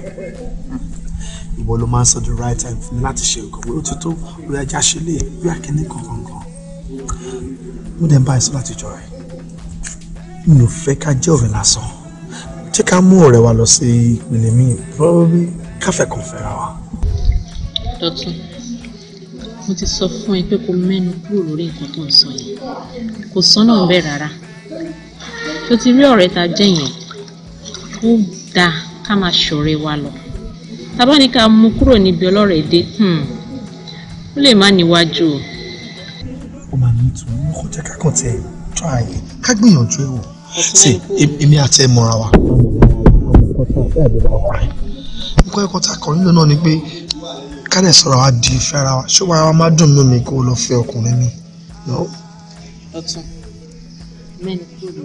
ìwọ ló máa ń sọ the right time fún mi láti ṣe nǹkan wí ó ti tó bóyá jáṣe lè bí akíní kankan mo dẹ̀ ń bá ẹ sọ láti jọ rẹ̀ mi ò fẹ́ ká jẹ́ ọ̀rẹ́ lásán jẹ́ ká mú ọ̀rẹ́ wa lọ sí ìpele mi probably káfẹ́ kan fẹ́ra wa. dọ́tún mo ti sọ fún ẹ pé kó mẹ́nu kúrò lórí nǹkan tó ń sọ yìí kò sọ́nà ń bẹ̀ rárá tó ti rí ọ̀rẹ́ ta jẹ́ yẹn ó dáa ká máa ṣọ̀rẹ́ wa lọ tá bá ká mú kúrò níbi ọlọ́rẹ̀ẹ́ dé hmm, ó lè má níwájú o kò jẹ́ ká kàn ká gbìyànjú ẹ̀ wò sí èmi àti ẹ̀ mọ̀ra wa. nǹkan ẹ̀kọ́ tá a kọ̀ nílò náà ni pé ká sọ̀rọ̀ wa di ìfẹ́ ara wa ṣùgbọ́n ara wa má dùn mí mi kó lọ fẹ́ ọkùnrin mi. ọtún mẹ́ni kúrò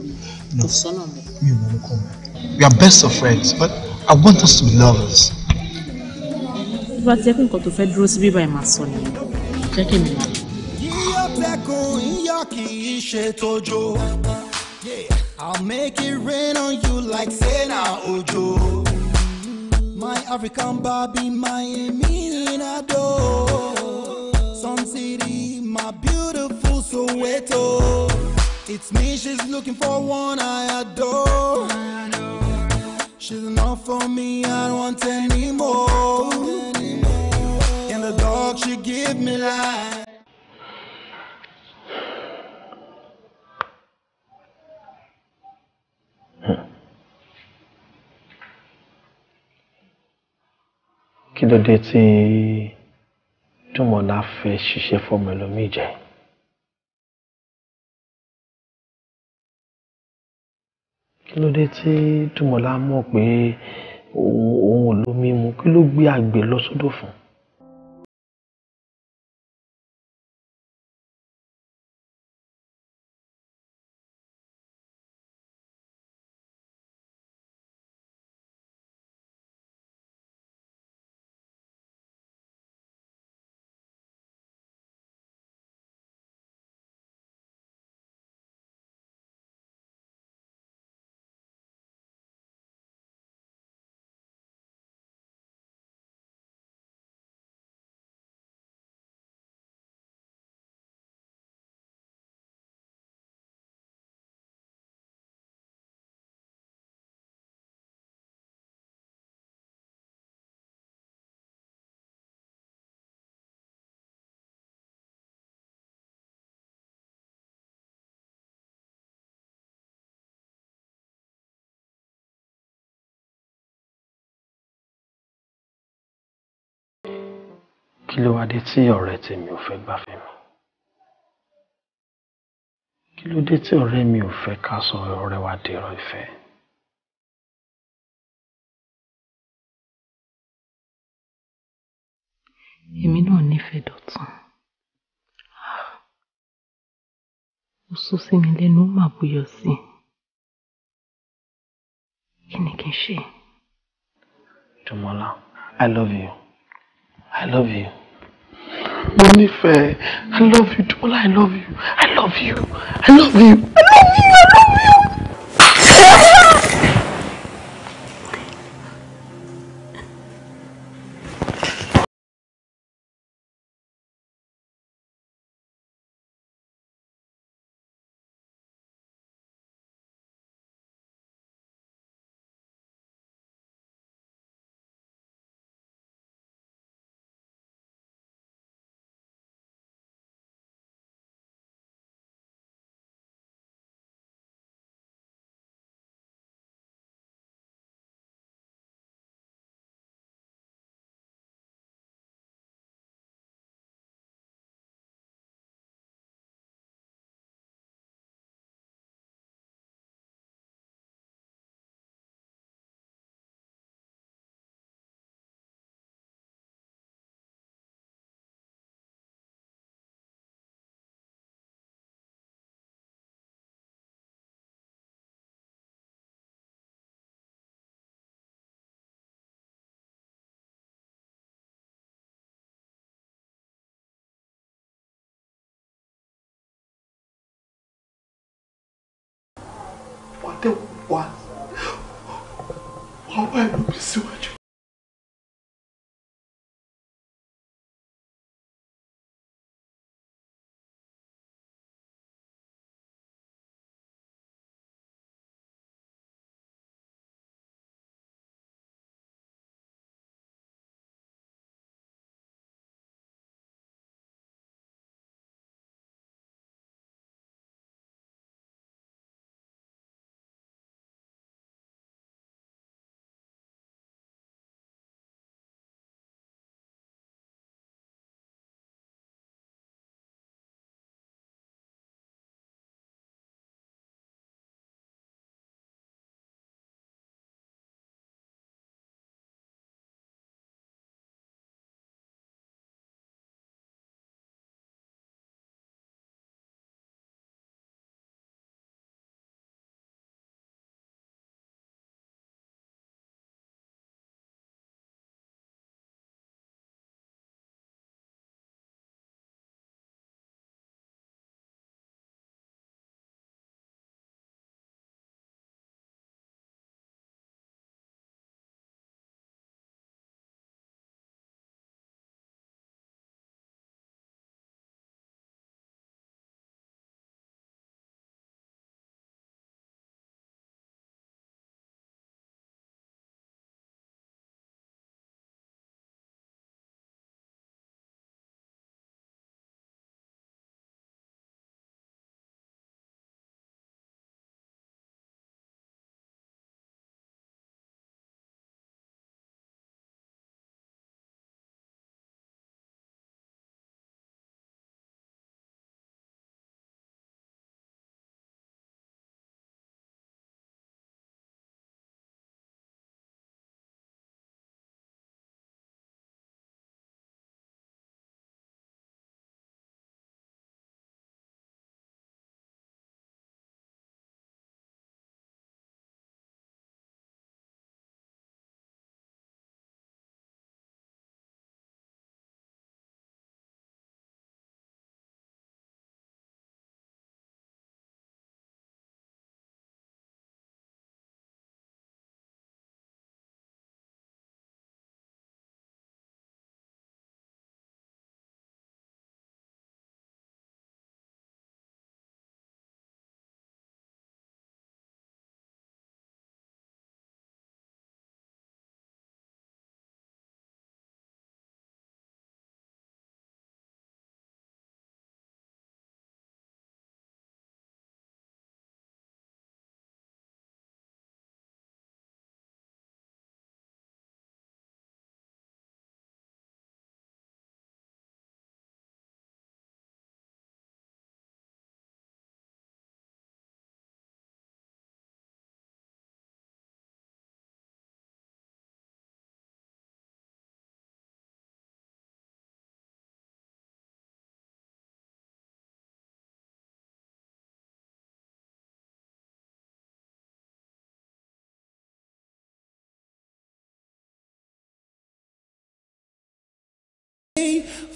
we are best of friends but I want us to be lovers. bí wàá ti ẹ́ pé nǹkan tó fẹ́ dúró sí bíbá kì tójó. I'll make it rain on you like Sena Ojo. My African Barbie, my Emina Sun City, my beautiful Soweto. It's me she's looking for, one I adore. She's enough for me, I don't want any more. In the dark, she give me life. kí ló dé tí dùnmọ̀lá fẹ́ ṣiṣẹ́ fọmọ ẹlòmíì jẹ kí ló dé tí dùnmọ̀lá mọ̀ pé òun ò kí ló gbé àgbè lọ sódò fún un. kí ló wá dé tí ọ̀rẹ́ tèmi ò fẹ́ gbàfẹ́ mi kí ló dé tí ọ̀rẹ́ mi ò fẹ́ ká sọ ọ̀rẹ́ wa dèrò ìfẹ́. èmi náà nífẹ̀ẹ́ Dọ̀tun ó sún sí mi lẹ́nu ó mà búyọ sí kí ni kí n ṣe. Jọmọlá, I love you. I love you mo nífẹ̀ẹ́ i love you Dúpọ́lá i love you i love you i love you i love you i love you. wá wá wá ìlú mi síwájú.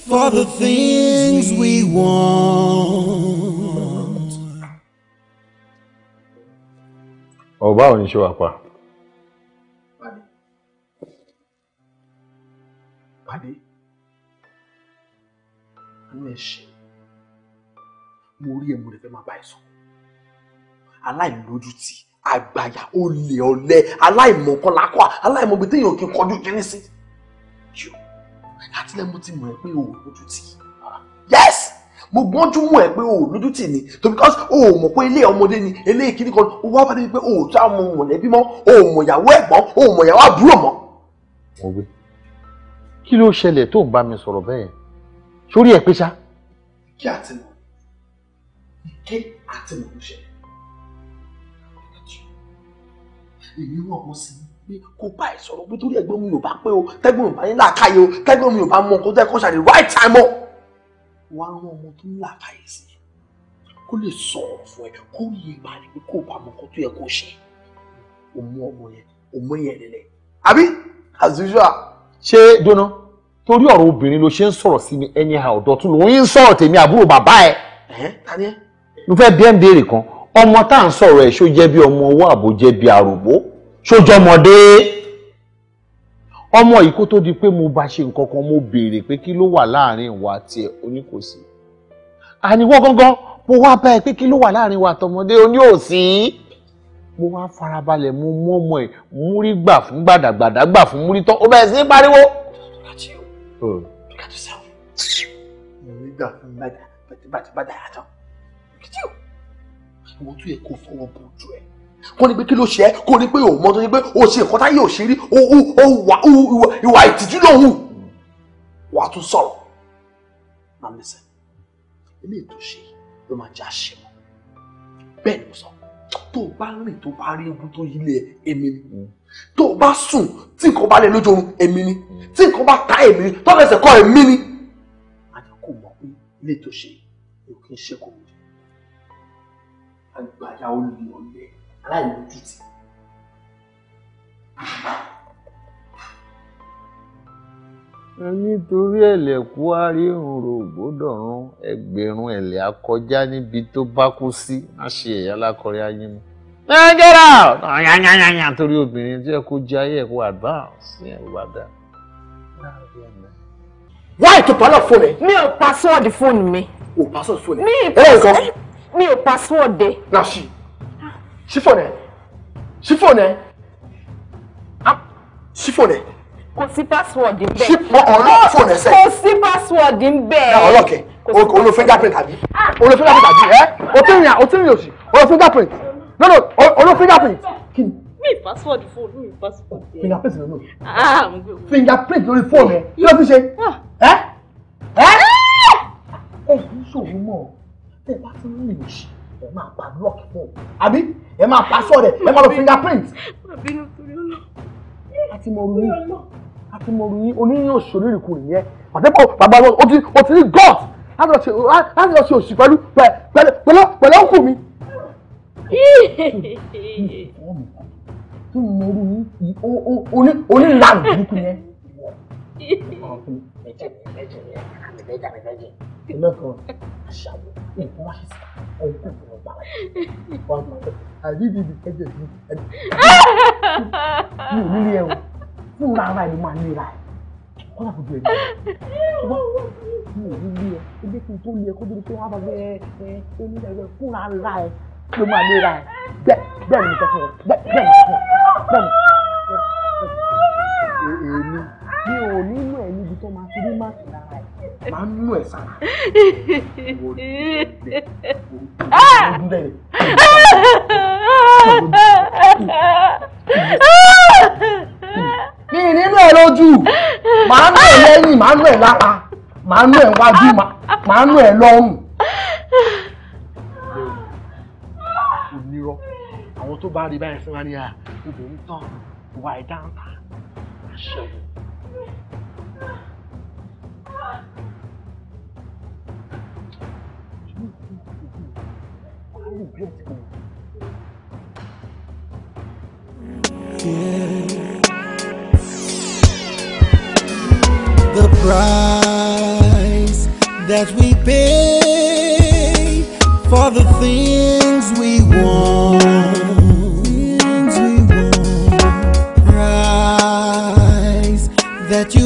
for the things we want. Oh, ò ní show wà pa. pàdé inú ẹ ṣe mo rí ẹ mo lè fẹ́ máa bá ẹ sọ aláìlójútì àgbàyà olè ọ̀lẹ aláìmọ̀kànlákọ̀ aláìmọ̀gbẹ̀tẹ̀yàn kì í kọjú kínní sí àtìlẹ́ mo ti mọ̀ ẹ́ pé o ò lójú tì yes mo gbọ́njú mọ̀ ẹ́ pé o ò lójú tì ni to because o ò mọ̀ pé ilé ọmọdé ni ilé ìkíní kan o wá bàdé pé o ò tó àwọn mọ̀lẹ́bí mọ́ o ò mọ̀ ìyàwó ẹ̀gbọ́n o ò mọ̀ ìyàwó àbúrò mọ́. mo wé kí ló ṣẹlẹ̀ tó ń bá mi sọ̀rọ̀ bẹ́ẹ̀ sórí ẹ̀ pé ṣá. kí àtìmọ̀ kí àtìmọ̀ ló ṣẹlẹ̀ èmi wọ̀ wọ́n sí i kò bá ẹ sọ̀rọ̀ pé torí ẹ̀gbọ́n mi ò bá pé o tẹ́gbọ́n mi ò bá yín làákàyè o tẹ́gbọ́n mi ò bá mọ nǹkan tó yẹ kó ṣàlè right time o. wàá rán ọmọ tó ń làákàyè sí i kó lè sọ̀rọ̀ fún ẹ kó yé e máa rí pé kó bá mọ nǹkan tó yẹ kó ṣe òmú ọmọ yẹn òmú yẹn lẹ̀lẹ̀. àbí as usual. ṣé dúnà torí ọ̀rọ̀ obìnrin ló ṣe ń sọ̀rọ̀ sí mi anyhow ọ̀dọ̀tún ló ń sọ̀rọ̀ tèmi àbúrò bàbá ẹ̀. ẹ̀ ta ni ẹ. mo fẹ́ bí ẹ̀ ń béèrè kan ọmọ tá à ń sọ̀rọ̀ ẹ̀ ṣó jẹ́ bí sójọmọdé ọmọ yìí kó tó di pé mo bá ṣe nǹkan kan mo béèrè pé kí ló wà láàrin wa tiẹ̀ oníkòsí àníwọ́ gángan mo wá bá ẹ pé kí ló wà láàrin wa tọmọdé oní òsì mo wá farabalẹ̀ mo mú ọmọ ẹ̀ múrí gbà fún gbàdàgbàdà gbà fún múrí tán ó bẹ̀rẹ̀ sí pariwo. múrí hmm. gbà fún gbàdàgbàdà mo tún yẹ kó fọwọ́ bójú ẹ̀ kó ní pé kí ló ṣe ẹ́ kó ní pé òun mọ tó ní pé o ṣe nǹkan táyé ò ṣe rí o o wà ìwà ìtìjú ló hù wà á tún sọ̀rọ̀ máa ń lẹ́sẹ̀ ilé ètò ṣe ló máa jẹ́ àṣẹ mọ́ bẹ́ẹ̀ ni mo sọ tó o bá rìn tó bá rí egun tó yí lé èmi ni mm. tó o bá sùn tí nǹkan bá lẹ lójú oorun èmi ni tí nǹkan bá ta èmi ni tọ́kẹsẹ̀ kọ́ èmi ni a jẹ́ kó mọ̀ pé ilé ètò ṣe yìí kì í ṣe kò mí àgbàyà olè ọ̀lẹ́ aláìlójútì. nítorí ẹlẹ́kú arírun rògbò dọ̀run ẹgbẹ̀rún ẹ̀lẹ́ akọjá níbi tó bá kú sí má ṣe ẹ̀yà alákọ̀ọ́rẹ́ ayé mu. get out yányányányá torí obìnrin tí ẹ kó jẹ ayé ẹ kó advance ní ẹ̀rù bá dá. wáì tó pa lọ́ọ̀ fóònù ẹ̀. mi ò password fóònù mi. ò password fóònù ẹ̀. mi ò password ẹ̀ ṣífọ̀nẹ́ ṣífọ̀nẹ́ ṣífọ̀nẹ́. kò sí password ń bẹ. ṣífọ̀ ọ̀nà fọ̀nẹ́ sẹ́. kò sí password ń bẹ. na ọlọ́kẹ́ olo fingerprint àbí ah. olo fingerprint àbí ẹ o ti rìn o ti rìn òsì olo fingerprint no no olo fingerprint. kí ni mi password fóònù mi password. fingerprint ló lò. Ah, fingerprint lórí fóònù ẹ kí ló fi ṣe. ẹ ah. ẹ ẹ kì í ṣòwò mọ́ ọ bẹ́ẹ̀ bá ti ń rìn òsì ẹ máa pa block fún àbí ẹ máa pa sọ́ọ̀dẹ̀ ẹ máa lọ fingerprint. àti mo ru yín àti mo ru yín oníyàn òṣèré ìrìkù nìyẹn àtẹ́pọ̀ bàbá wọn o ti ní god láti lọ ṣe òṣì pẹ̀lú pẹ̀lú ọkùnrin mi. kí ni mo ru yín onílànà ìrìkù yẹn ẹ̀jẹ̀ ẹ̀jẹ̀ ẹ̀jẹ̀ àtẹ̀jẹ̀ àtẹ̀jẹ̀ ìlú ẹ̀kọ́ àṣàwọ̀ nǹkan mi ò nílò ẹ níbi tó máa fi rí máàkì lára ẹ máa ń nù ẹ sára wò ó dẹ wò ó dẹ mi nínú ẹ lójú màá nù ẹ lẹ́yìn màá nù ẹ lápá màá nù ẹ wájú màá nù ẹ lọ́rùn. onírọ́ àwọn tó bá rí báyìí fún wa ní à obìnrin tán wà dáńtà àṣẹwò. The price that we pay for the things we want. that you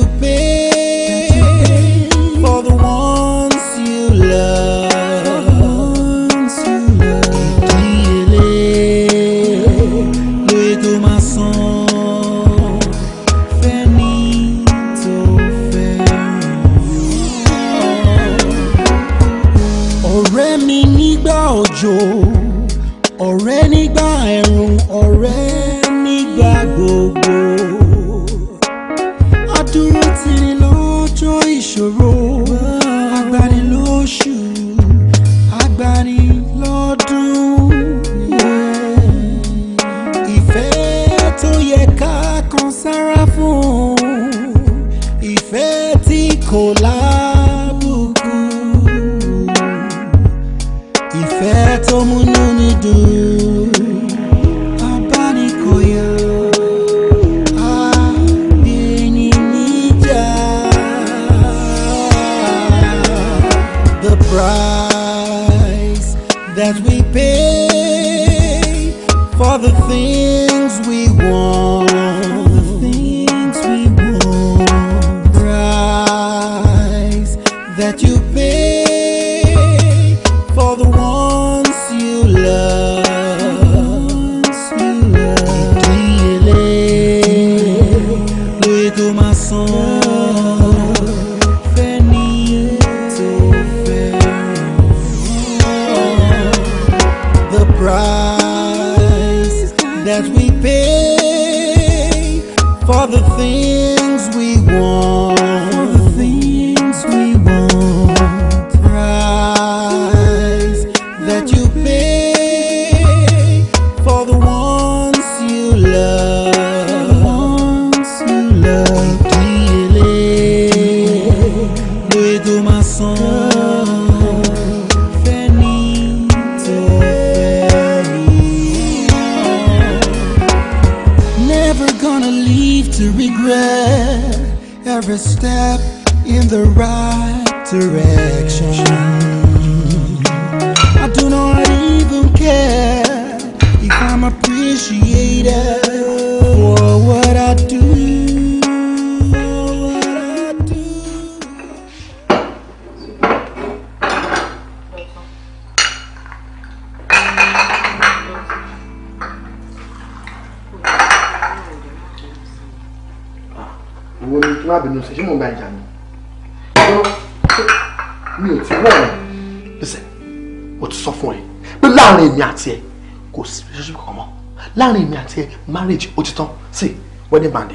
marriage ó ti tán sí wedding band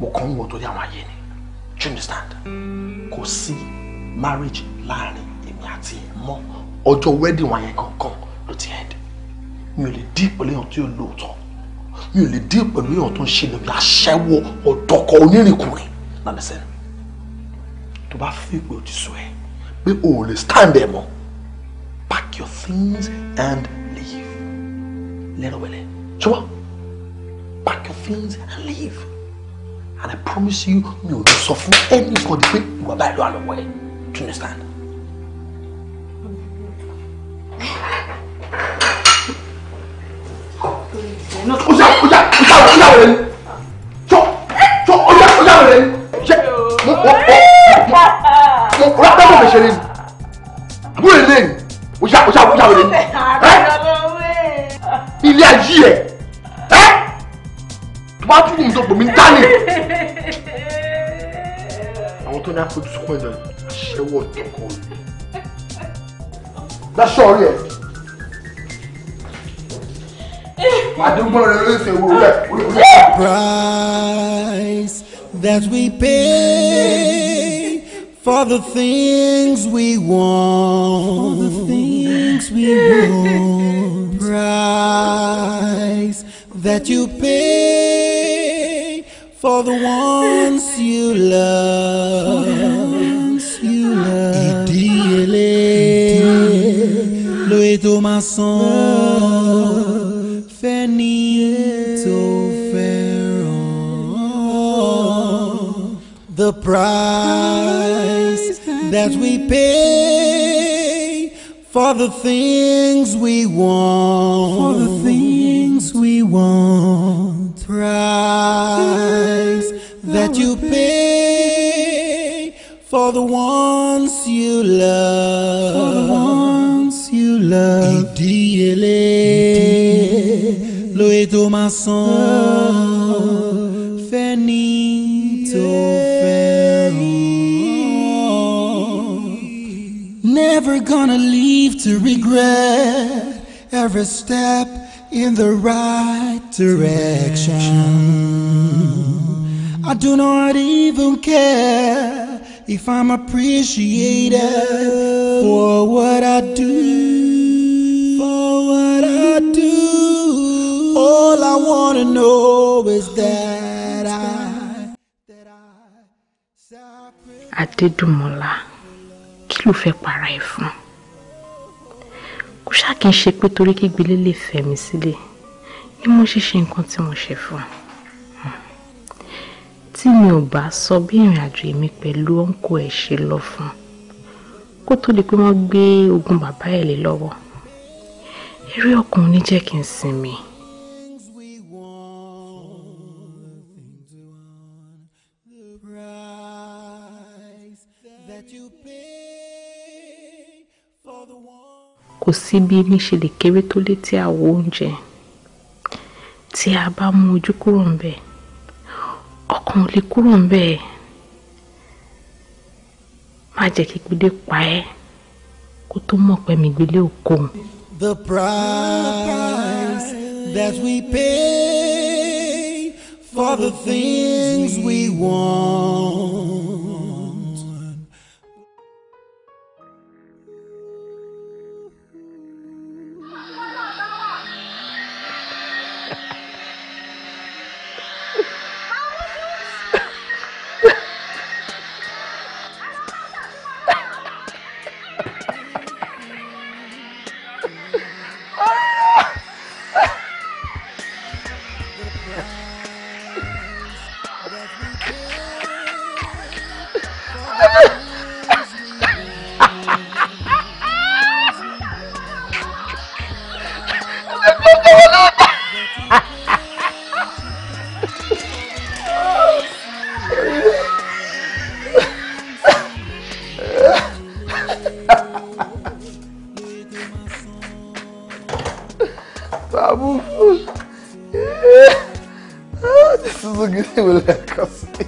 mo kàn ń wọ torí àwọn ayé ni do you understand kò sí marriage láàrin èmi àti ẹ mọ́ ọjọ́ wedding wa yẹn kankan ló ti end mi ò lè dí pẹ̀lú èèyàn tí ò lóòótọ́ mi ò lè dí pẹ̀lú èèyàn tó ń ṣe lóbi aṣẹ́wó ọ̀dọ́kọ onírìnkùnrin lálẹ́sẹ̀ tó bá fi pé o ti sọ ẹ pé o ò lè stand ẹ mọ́ pack your things and leave lẹ́rọ̀ wẹ̀lẹ́. promise you mi ò ní sọ fún anybody pé ìwà báyìí ló wà lọ́wọ́ ẹ̀ do you understand. ọjà ọjà ọjà ọjà wẹrẹ ni sọ sọ ọjà ọjà wẹrẹ ni ṣe mo mo mo mo rábẹ́ mo fẹsẹ̀ rẹ ni àbúrò ilé ni ọjà ọjà ọjà wẹrẹ ni ilé ayé ẹ bá tún kò mí tó pè dání. àwọn tó ní àpótí sọkún ẹ̀dọ̀ ṣẹ́wọ̀ ìdọ́kọ̀ rẹ̀ dáṣọ rí ẹ̀ price that we pay for the things we want for the things we want price. that you pay for the ones you love. You love. Idiele, lo eto fenito The price that we pay for the things we want won't price that you pay for the ones you love. For the ones you love. ló ètò máa san Never gonna leave to regret every step in the right direction. I do not even care if I'm appreciated for what I do. For what I do. All I want to know is that I. Adédùmọ̀lá kí ló fẹ́ para ẹ̀ fún kó ṣáà kí n ṣe pé torí kí gbilé lè fẹ́ mi sílẹ̀ ni mo ṣe ṣe nǹkan tí mo ṣe fún un tí mi ò bá sọ bí ìrìn àjò èmi pẹ̀lú ọ̀nkọ ẹ̀ ṣe lọ fún un kó tó di pé wọ́n gbé ogun bàbá ẹ̀ lé lọ́wọ́ eré ọkùnrin jẹ́ kí n sinmi. kò sí bí èmi lè kéré tó létí àwo oúnjẹ tí a bá mú ojú kúrò ń bẹ ọkàn ò lè kúrò ń bẹ má jẹ́ kí gbélé pa ẹ́ kó tó mọ̀ pé mi gbélé ò kó. The price that we pay for the things we want. Sabu. This is a good thing to cuss me.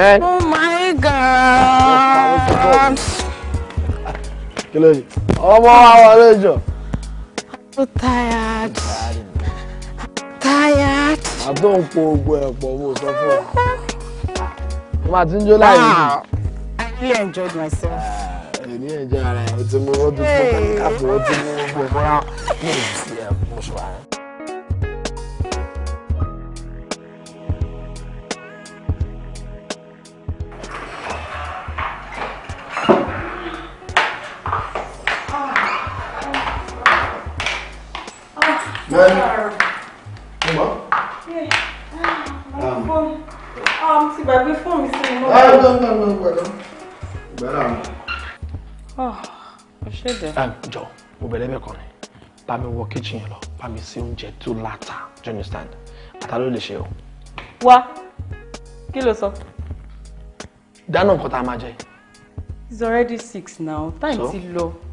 Eh? Oh my God. Kí ló yìí? Ọmọ àwọn I'm tired. tired. Àtò ń po ogbó ẹ̀ pọ̀ mo sọ fún Mo máa ti ń I really enjoyed myself. Èmi ẹ̀jẹ̀ ara ẹ̀ ti mú ọdún fún kàkà fún ọdún mú ọgbọ̀n fún ọdún mú mo mọ̀. ti gbàgbé fóònù sí mi. ẹ gbọ́dọ̀ gbọ́dọ̀ gbọ́dọ̀ gbọ́dọ̀ àwọn. ọ̀ṣẹ̀dẹ̀. jọ mo bẹ̀rẹ̀ bẹ́ẹ̀ kọ́ ni bá mi wọ kíchìn yẹn lọ bá mi sí oúnjẹ tó láta do you understand àtà ló lè ṣe o. wá kí ló sọ. dáná nǹkan tá a máa jẹ. it's already six now time ti lọ. So?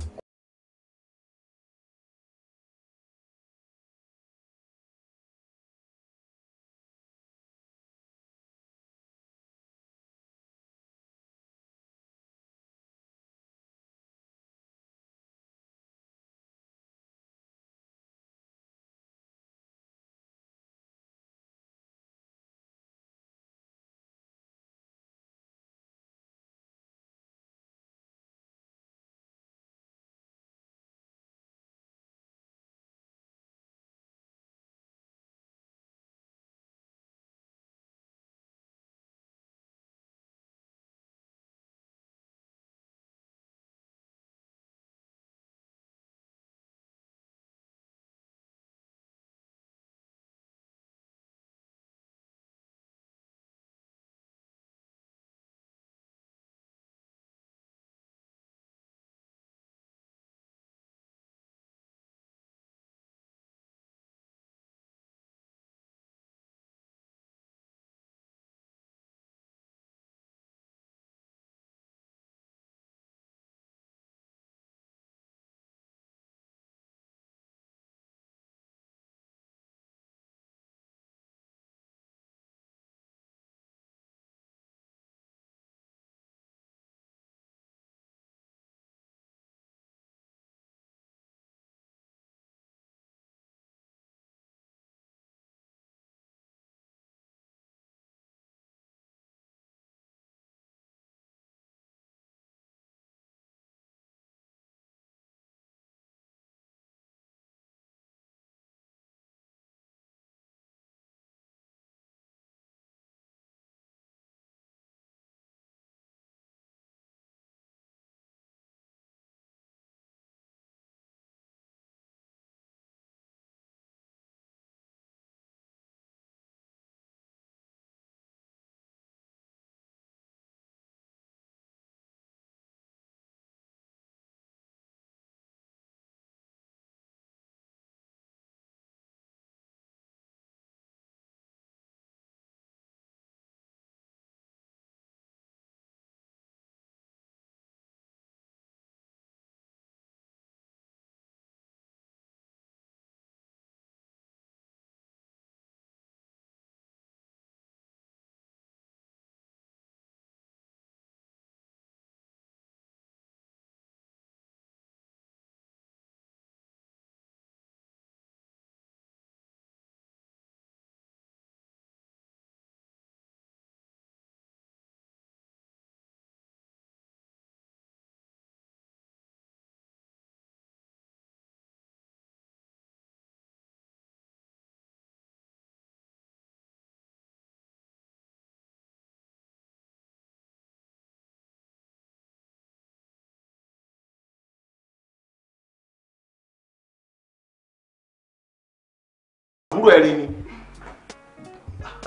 àbúrò ẹ̀rín ni.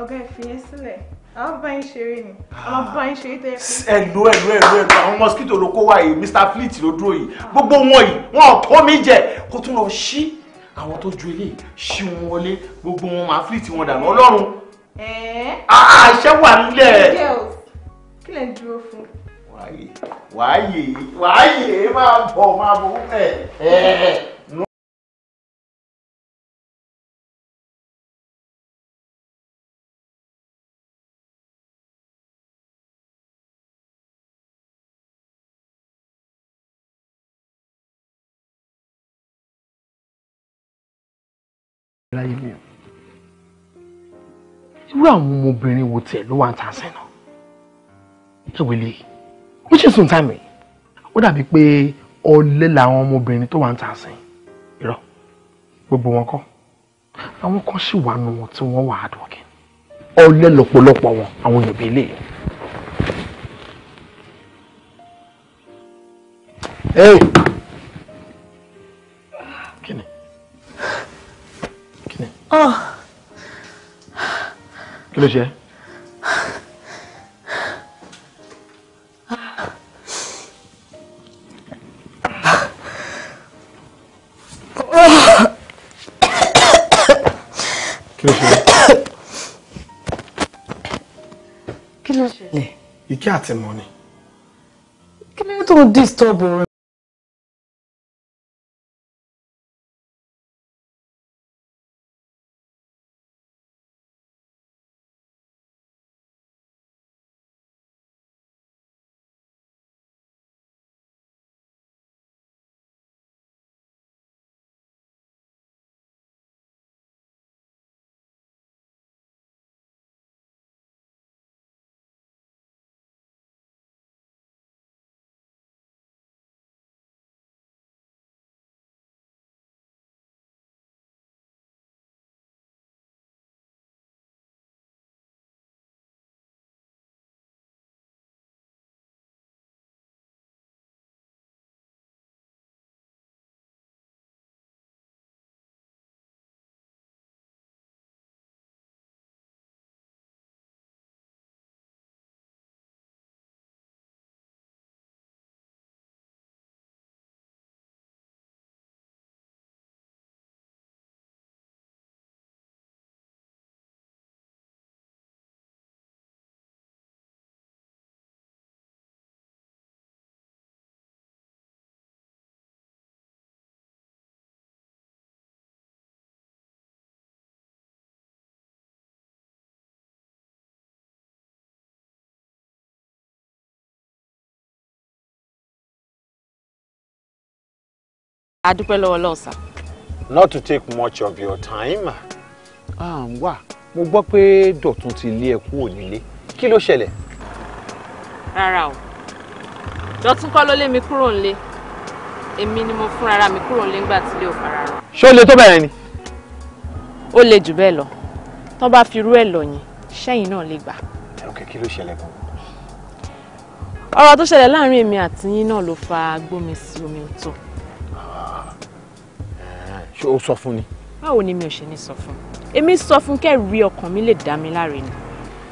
ọ̀gá ìfìyẹn sílẹ̀ àwọn bá ń ṣeré ni àwọn bá ń ṣeré tẹ́ ẹ. ẹ̀lú ẹ̀lú ẹ̀lú àwọn mosquito ló kó wá yìí Mr Fleet ló dúró yìí gbogbo wọn yìí wọn ò tó mi jẹ kó tún lọ ṣí àwọn tó ju eléyìí ṣí wọn wọlé gbogbo wọn máa Fleet wọn dànù Ọlọ́run. àṣẹ wà nílẹ̀. kí lè dúró fún. wáyé wáyé wáyé máa bọ̀ máa bọ̀ ẹ̀ ẹ̀. láyé mi o irú àwọn ọmọbìnrin wo tiẹ̀ ló wà ń tàn sẹ́nà kí wele which is sometime ó dàbí pé ọ̀lẹ làwọn ọmọbìnrin tó wà ń tàn sẹ́n irọ́ gbogbo wọn kọ́ àwọn kan sì wà nù wọn tí wọ́n wà á dọ̀kẹ́ ọ̀lẹ lọ́pọ̀lọpọ̀ wọn àwọn èèyàn bíi eléyìí. Hey! kí ló ṣe. kí ló ṣe. kí ló ṣe. ike àtìmọ́ ni. kí ló tó ń disturb orin. adúpẹ́ lọ́wọ́ lọ́wọ́ sà. not to take much of your time. à ń wà mo gbọ́ pé Dọ̀tun ti lé ẹ kúrò nílé kí ló ṣẹlẹ̀. rárá o Dọ̀tun kọ́ ló lé mi kúrò nílé èmi ni mo fúnra mi kúrò nílé ńgbà tí ilé ò fara rọ. ṣé ó le tó bẹ̀rẹ̀ ni. ó le jù bẹ́ẹ̀ lọ tó bá fi irú ẹ̀ lọ yẹn sẹ́yìn náà lè gbà. ok kí ló ṣẹlẹ̀ gan. ọ̀rọ̀ tó ṣẹlẹ̀ láàrin èmi àti yín náà ló fa gbómi sí omi ọ̀tọ̀ ṣé o sọ fún ni. báwo ni mi ò ṣe ní sọ fún èmi sọ fún kẹ́rì ọkàn mi lè dá mi láre ni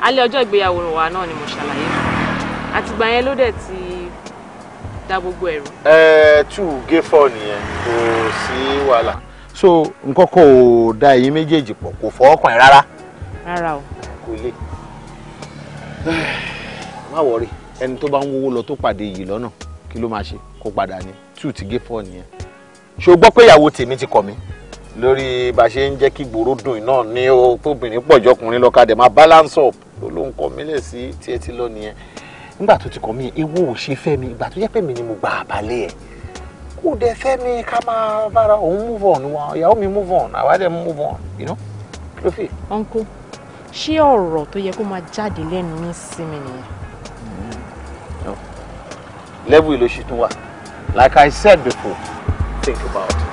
alẹ́ ọjọ́ ìgbéyàwó wa náà ni mo ṣàlàyé fún àtìgbà yẹn ló dẹ̀ ti dá gbogbo ẹ̀rù. ẹ tù gé fọ nìyẹn kò sí wàhálà. so nǹkan kò da èyí méjèèjì pọ̀ kò fọwọ́ kàn ẹ́ rárá. rárá o. kò le má wọrí ẹni tó bá ń wówó lọ tó pàdé yìí lọ́nà kí ló máa ṣe kó padà ní tù ti gé fọ nìyẹn. ṣé o gbọ́ pé ìyàwó tèmi ti kọ̀ mí lórí bá a ṣe ń jẹ́ kí gbòòrò dùn iná ní o tóbìnrin pọ̀jọ́ ọkùnrin lọ́ka dẹ̀ máa balance up ló ń kọ́ mi lẹ̀ sí tiẹ̀ ti lọ nìyẹn nígbà tó ti kọ̀ mí ewu ò ṣe fẹ́ mi ìgbà tó yẹ pé mi ni mo gbà àbálẹ̀ ẹ̀ kó dẹ̀ fẹ́ mi ká máa bára òun move on wa ìyàwó mi move on àwa dẹ̀ move on you know ló uncle ṣé ọ̀rọ̀ tó yẹ kó máa jáde lẹ́nu mi sí mi nìyẹn. Hmm. lẹ́bù ìlòṣì tún wà like I said before think about.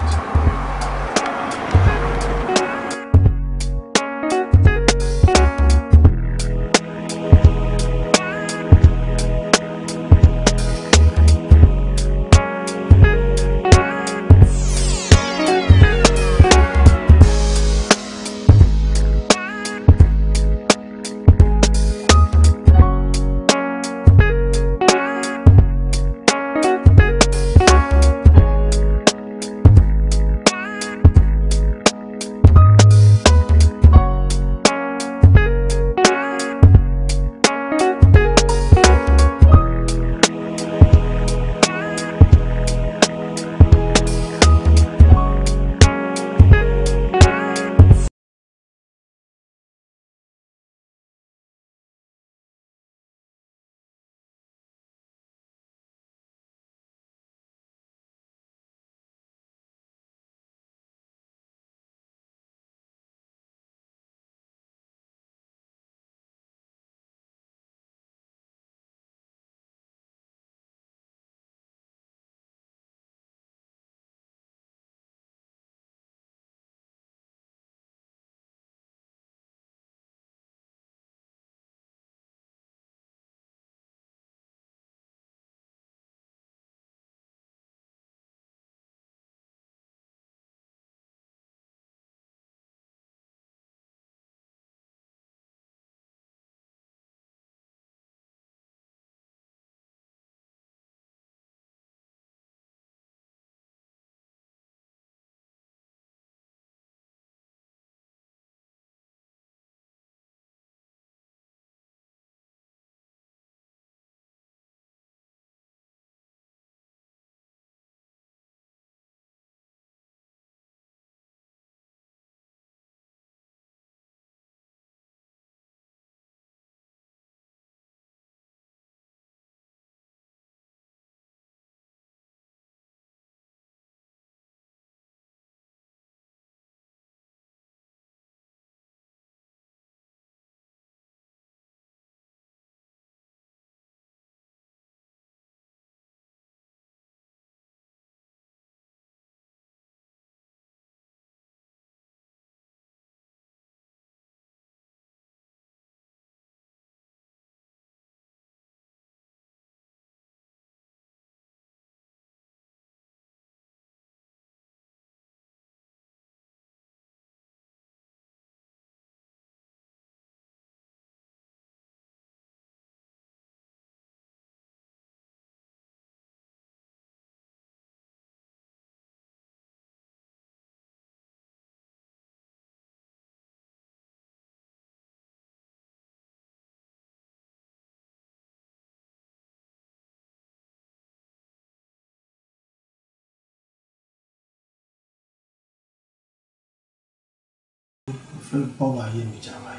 율법 음. 아닙니다.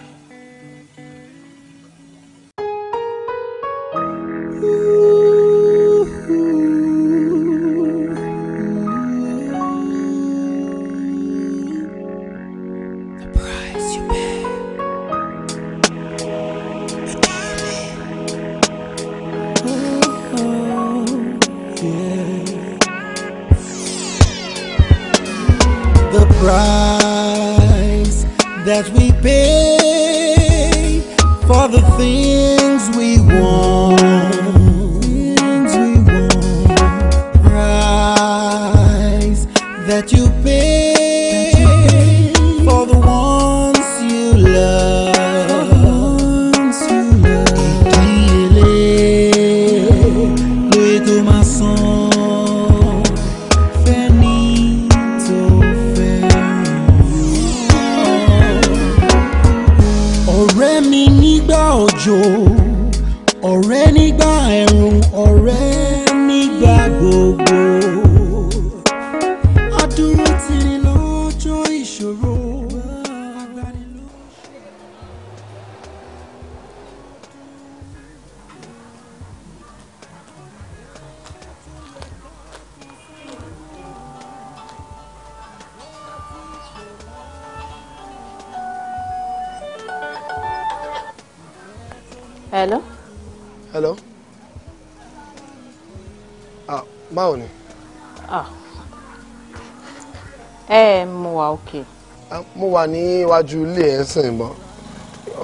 wà níwájú ilé ẹ̀ sìn mọ́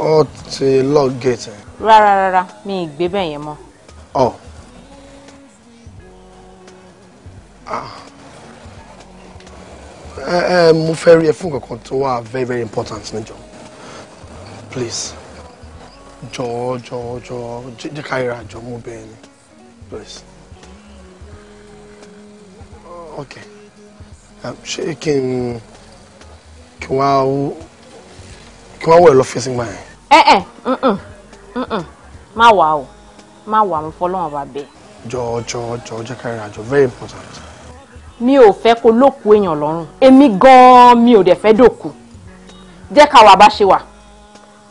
wọ́n ti lọ́ọ̀ gẹ̀ẹ́tì. rárá rárá mi ì gbé bẹ́ẹ̀ yẹn mọ́. ọ. Ah. ẹ ẹ mo fẹ́ rí ẹ fún kankan tó wà very very important níjọ please jọ̀ọ́ jọ̀ọ́ jọ̀ọ́ jẹ́ ká ira jọ mo bẹ̀ ẹ́ ni please. ok ṣé kí n kí wọ́n á kí wọ́n á wọ̀ ẹ́ lọ fẹ́ sí gbà yẹn. ẹ ẹ mm, mm, mm, má wà o má wà mo fọlọ́wọ́n bá bẹ́ẹ̀. jọ jọ jọ jẹ very important. mi ò fẹ́ kó lóku èèyàn lọ́rùn èmi gan-an mi ò dẹ̀ fẹ́ dòkú jẹ́ ká wà bá ṣe wà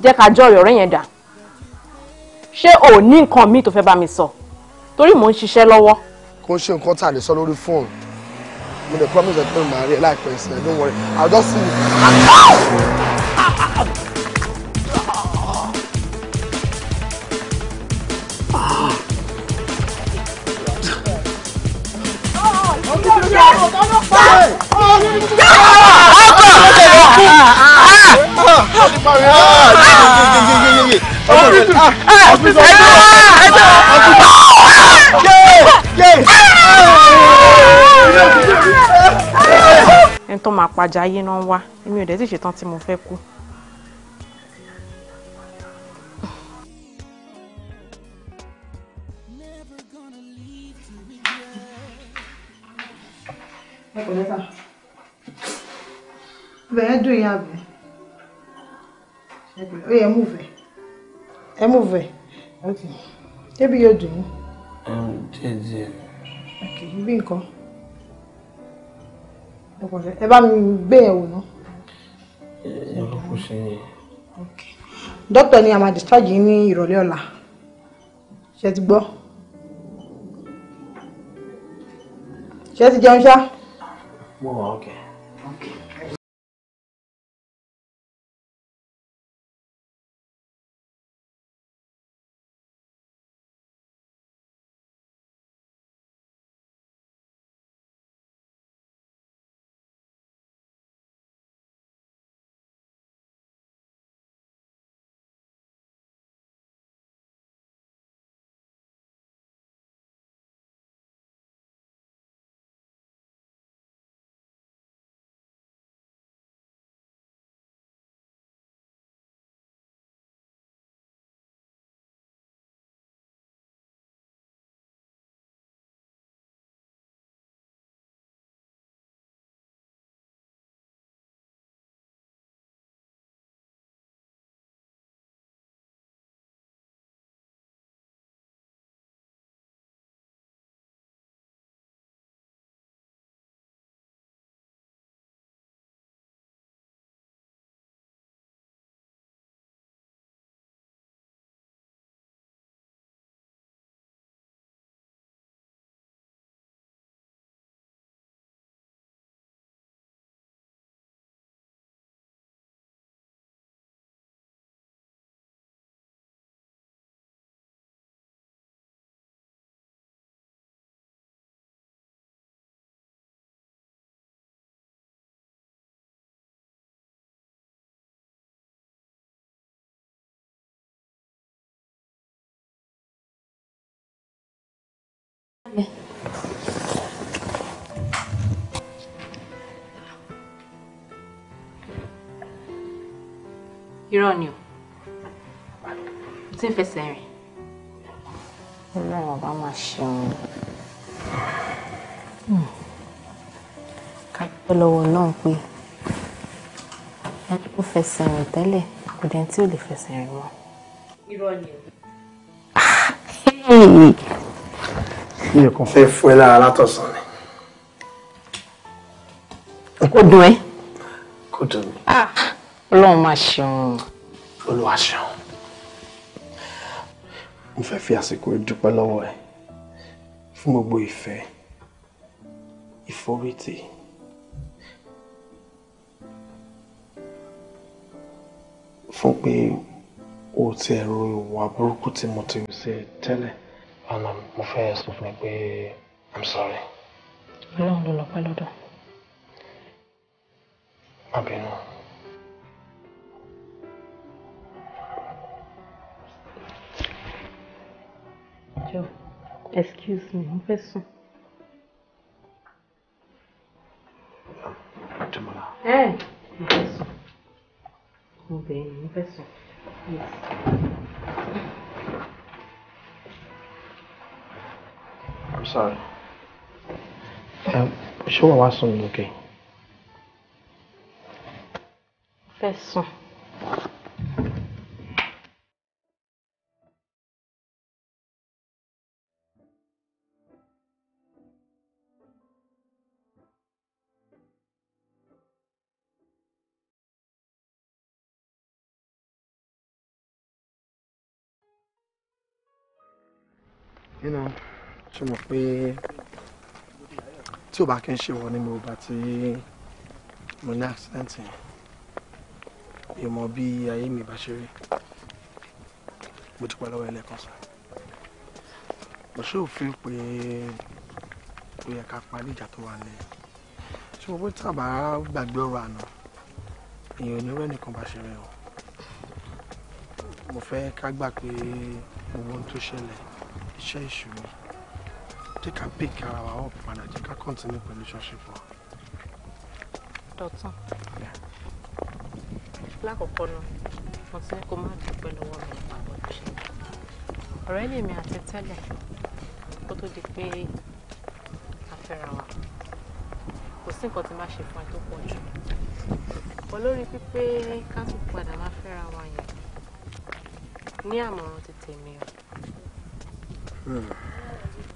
jẹ́ ká jọ̀rọ̀ ọ̀rẹ́ yẹn dà ṣé o ní nǹkan míì tó fẹ́ bá mi sọ torí mò ń ṣiṣẹ́ lọ́wọ́. kò ń ṣe nǹkan tá a lè sọ lórí fóònù mo dey promise that mo my rí ẹ láìpẹ́ don't worry i'll just see you. Yeah! ẹni tó máa pàjá yé náà wá èmi ò dẹ̀ sì ṣetán tí mo fẹ́ kú. ẹ kò lẹ́tà bẹ́ẹ̀ dùn yín àbí. Ẹ ẹ mú vẹ̀. Ẹ mú vẹ̀. Ok. Débi yóò dùn mí. Díẹ̀ díẹ̀. Ok, bí nǹkan. Ẹ bá mi gbé ẹ̀ wò náà. Ẹ lọ kó ṣe yẹn. Ok. Dókítà ni a máa discharge yín ní ìrọ̀lẹ́ ọ̀la. Ṣé ti gbọ́? Ṣé ti jẹun ṣá? Mo wà ok. irọ́ ni o mo ti ń fẹsẹ̀ rìn. ọlọ́run ọba máa ṣeun hmm. ká dúpẹ́ lọ́wọ́ náà pé ẹni tó fẹsẹ̀ rìn tẹ́lẹ̀ kò dẹ́n tí ò lè fẹsẹ̀ rìn mọ́. irọ́ ni o. Ah, mi ò kàn fẹ́ fún ẹ lára látọ̀sán ni. kò dùn ẹ́. kò dùn mí. Ah, ọlọ́run máa ṣeun. olúwa ṣeun. mo fẹ́ fi àsìkò ìdúpẹ́ lọ́wọ́ ẹ fún gbogbo ìfẹ́ ìforítì. fún pé o ti ẹ̀rọ ìwà burúkú tí mo ti ń ṣe and mo fẹ́ sọ fún ẹ pé i'm sorry. ọlọ́run ló lọ pẹ́ lọ́dọ̀. má bínú. jọ excuse me mo fẹ́ sùn. Jọmọlá. ẹ eh, mo fẹ́ sùn mo bẹ̀ ẹ́ mo fẹ́ sùn I'm sorry. Um, show me what's sùn okay? òkè? you know, ṣe mọ̀ pé tí ò bá kí n ṣe wọ ni mo bá ti mo ní accident yẹn mi mọ bí ayé mi bá ṣe rí mo dúpẹ́ lọ́wọ́ ẹlẹ́kan sọ mo ṣe òfin pé ó yẹ ká parí ìjà tó wà nílẹ̀ ṣé mo bó tàbá gbàgbé ọ̀rọ̀ àná èèyàn ò ní rẹ́ nìkan bá ṣe rẹ̀ o mo fẹ́ ká gbà pé gbogbo ohun tó ṣẹlẹ̀ iṣẹ́ ìṣù jẹ́ ká pick ara uh, wa up padà jẹ́ ká continue pẹ̀lú relationship wa. dọ̀tán lákọ̀ọ́kọ́ náà mo ti ní kó má dúpẹ́ lọ́wọ́ mi nípa pẹ̀lú ṣe ọ̀rẹ́ lèmi àti tẹ́lẹ̀ kó tó di pé a fẹ́ra wa kò sí nǹkan tí má ṣe fún ẹ tó pọ̀ jù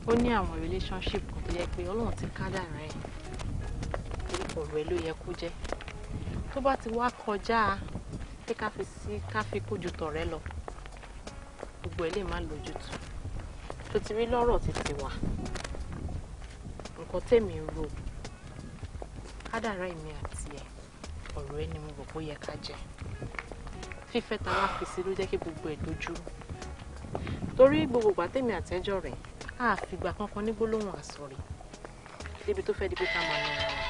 ó ní àwọn relationship kan tó yẹ pé ọlọ́run ti ká dàrá ẹ̀ ọ̀rọ̀ ẹ̀ ló yẹ kó jẹ́ tó bá ti wá kọjá pé ká fi sí ká fi kójú tọ̀rẹ́ lọ gbogbo ẹ̀ lè má lójútù tó ti rí lọ́rọ̀ títí wà nǹkan tèmi rò kádàrá èmi àti ẹ̀ ọ̀rọ̀ ẹ̀ ni mo rò pé ó yẹ ká jẹ́ fífẹ́ ta wá fi sí ló jẹ́ kí gbogbo ẹ̀ lójú torí gbogbo ìgbà tèmi àtẹ́jọ́ rẹ̀ a fìgbà kankan ní gbólóhùn àsọ̀rí débi tó fẹ́ di pé ká máa yan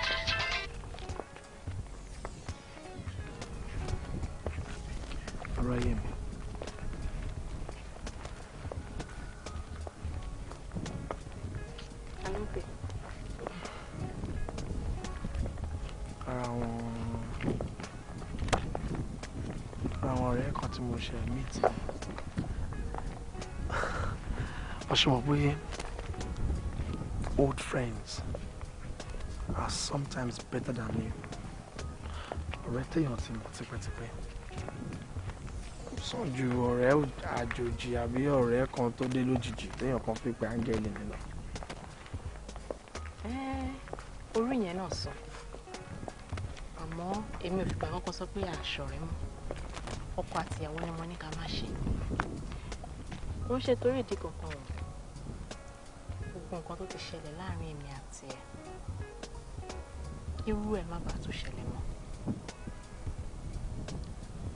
ṣùgbọ́n pé old friends are sometimes better than new ọ̀rẹ́ téèyàn ti mọ̀ tipẹ́tipẹ́ sàn ju ọ̀rẹ́ àjòjì àbí ọ̀rẹ́ kan tó dé lójijì téèyàn kan pípẹ́ áńgẹ́lì mi lọ. orí yẹn náà sọ àmọ́ èmi ò fìgbà kankan sọ pé àṣọ rẹ mọ́ ọkọ àtìyàwó ni mo ní ká má ṣe kò ṣe torí ìdí kankan gbogbo nǹkan tó ti ṣẹlẹ̀ láàrin èmi àti ẹ̀ irú ẹ̀ má bàa tún ṣẹlẹ̀ mọ́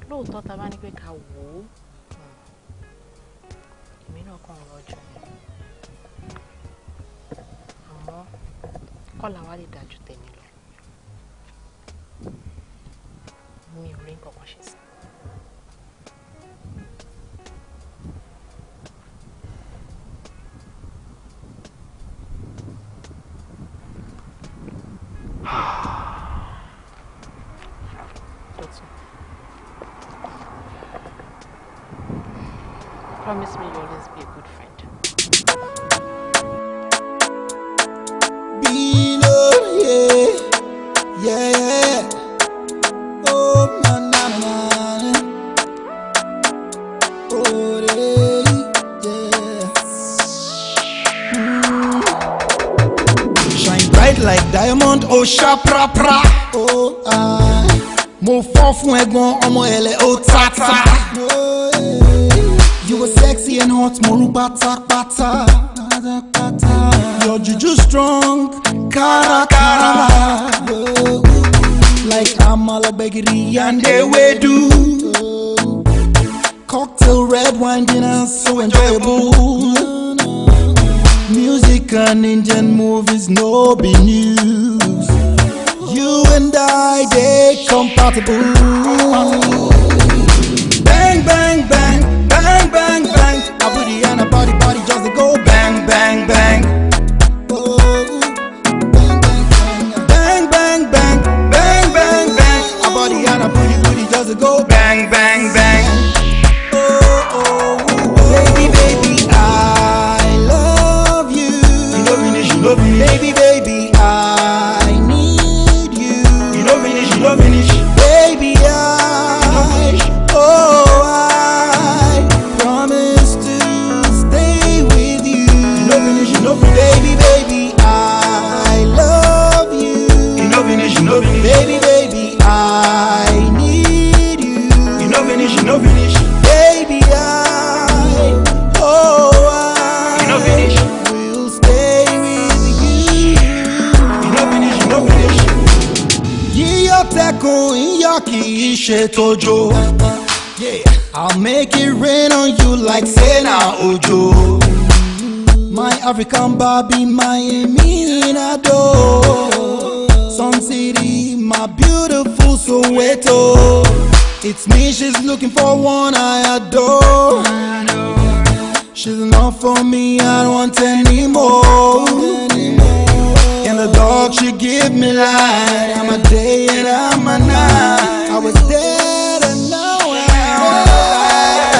lóòótọ́ ta bá ní pé ká wò ó hmm, èmi náà kàn rọjò ni àmọ́ kọ́ làwa lè dájú tẹ̀ like diamond ó oh, ṣá prapra. Oh, ah. mo fọ́ fún ẹ̀gbọ́n ọmọ ẹ̀lẹ́ ó oh, tata. you were sexy and hot mo rú pátápátá. your juju strong kárakára. like Amala Begiri and do. Cocktail red wine dinner so enjoyable. Music and Indian movies, no be news. You and I, they compatible. Bang, bang, bang. go bang, bang, bang. Seto Yeah, I'll make it rain on you like Sena Ojo. My African Barbie, Miami in Ado. Sun City, my beautiful Soweto. It's me, she's looking for one I adore. She's not for me, I don't want anymore the dog, she give me light. I'm a day and I'm a night. I was dead and now I'm alive.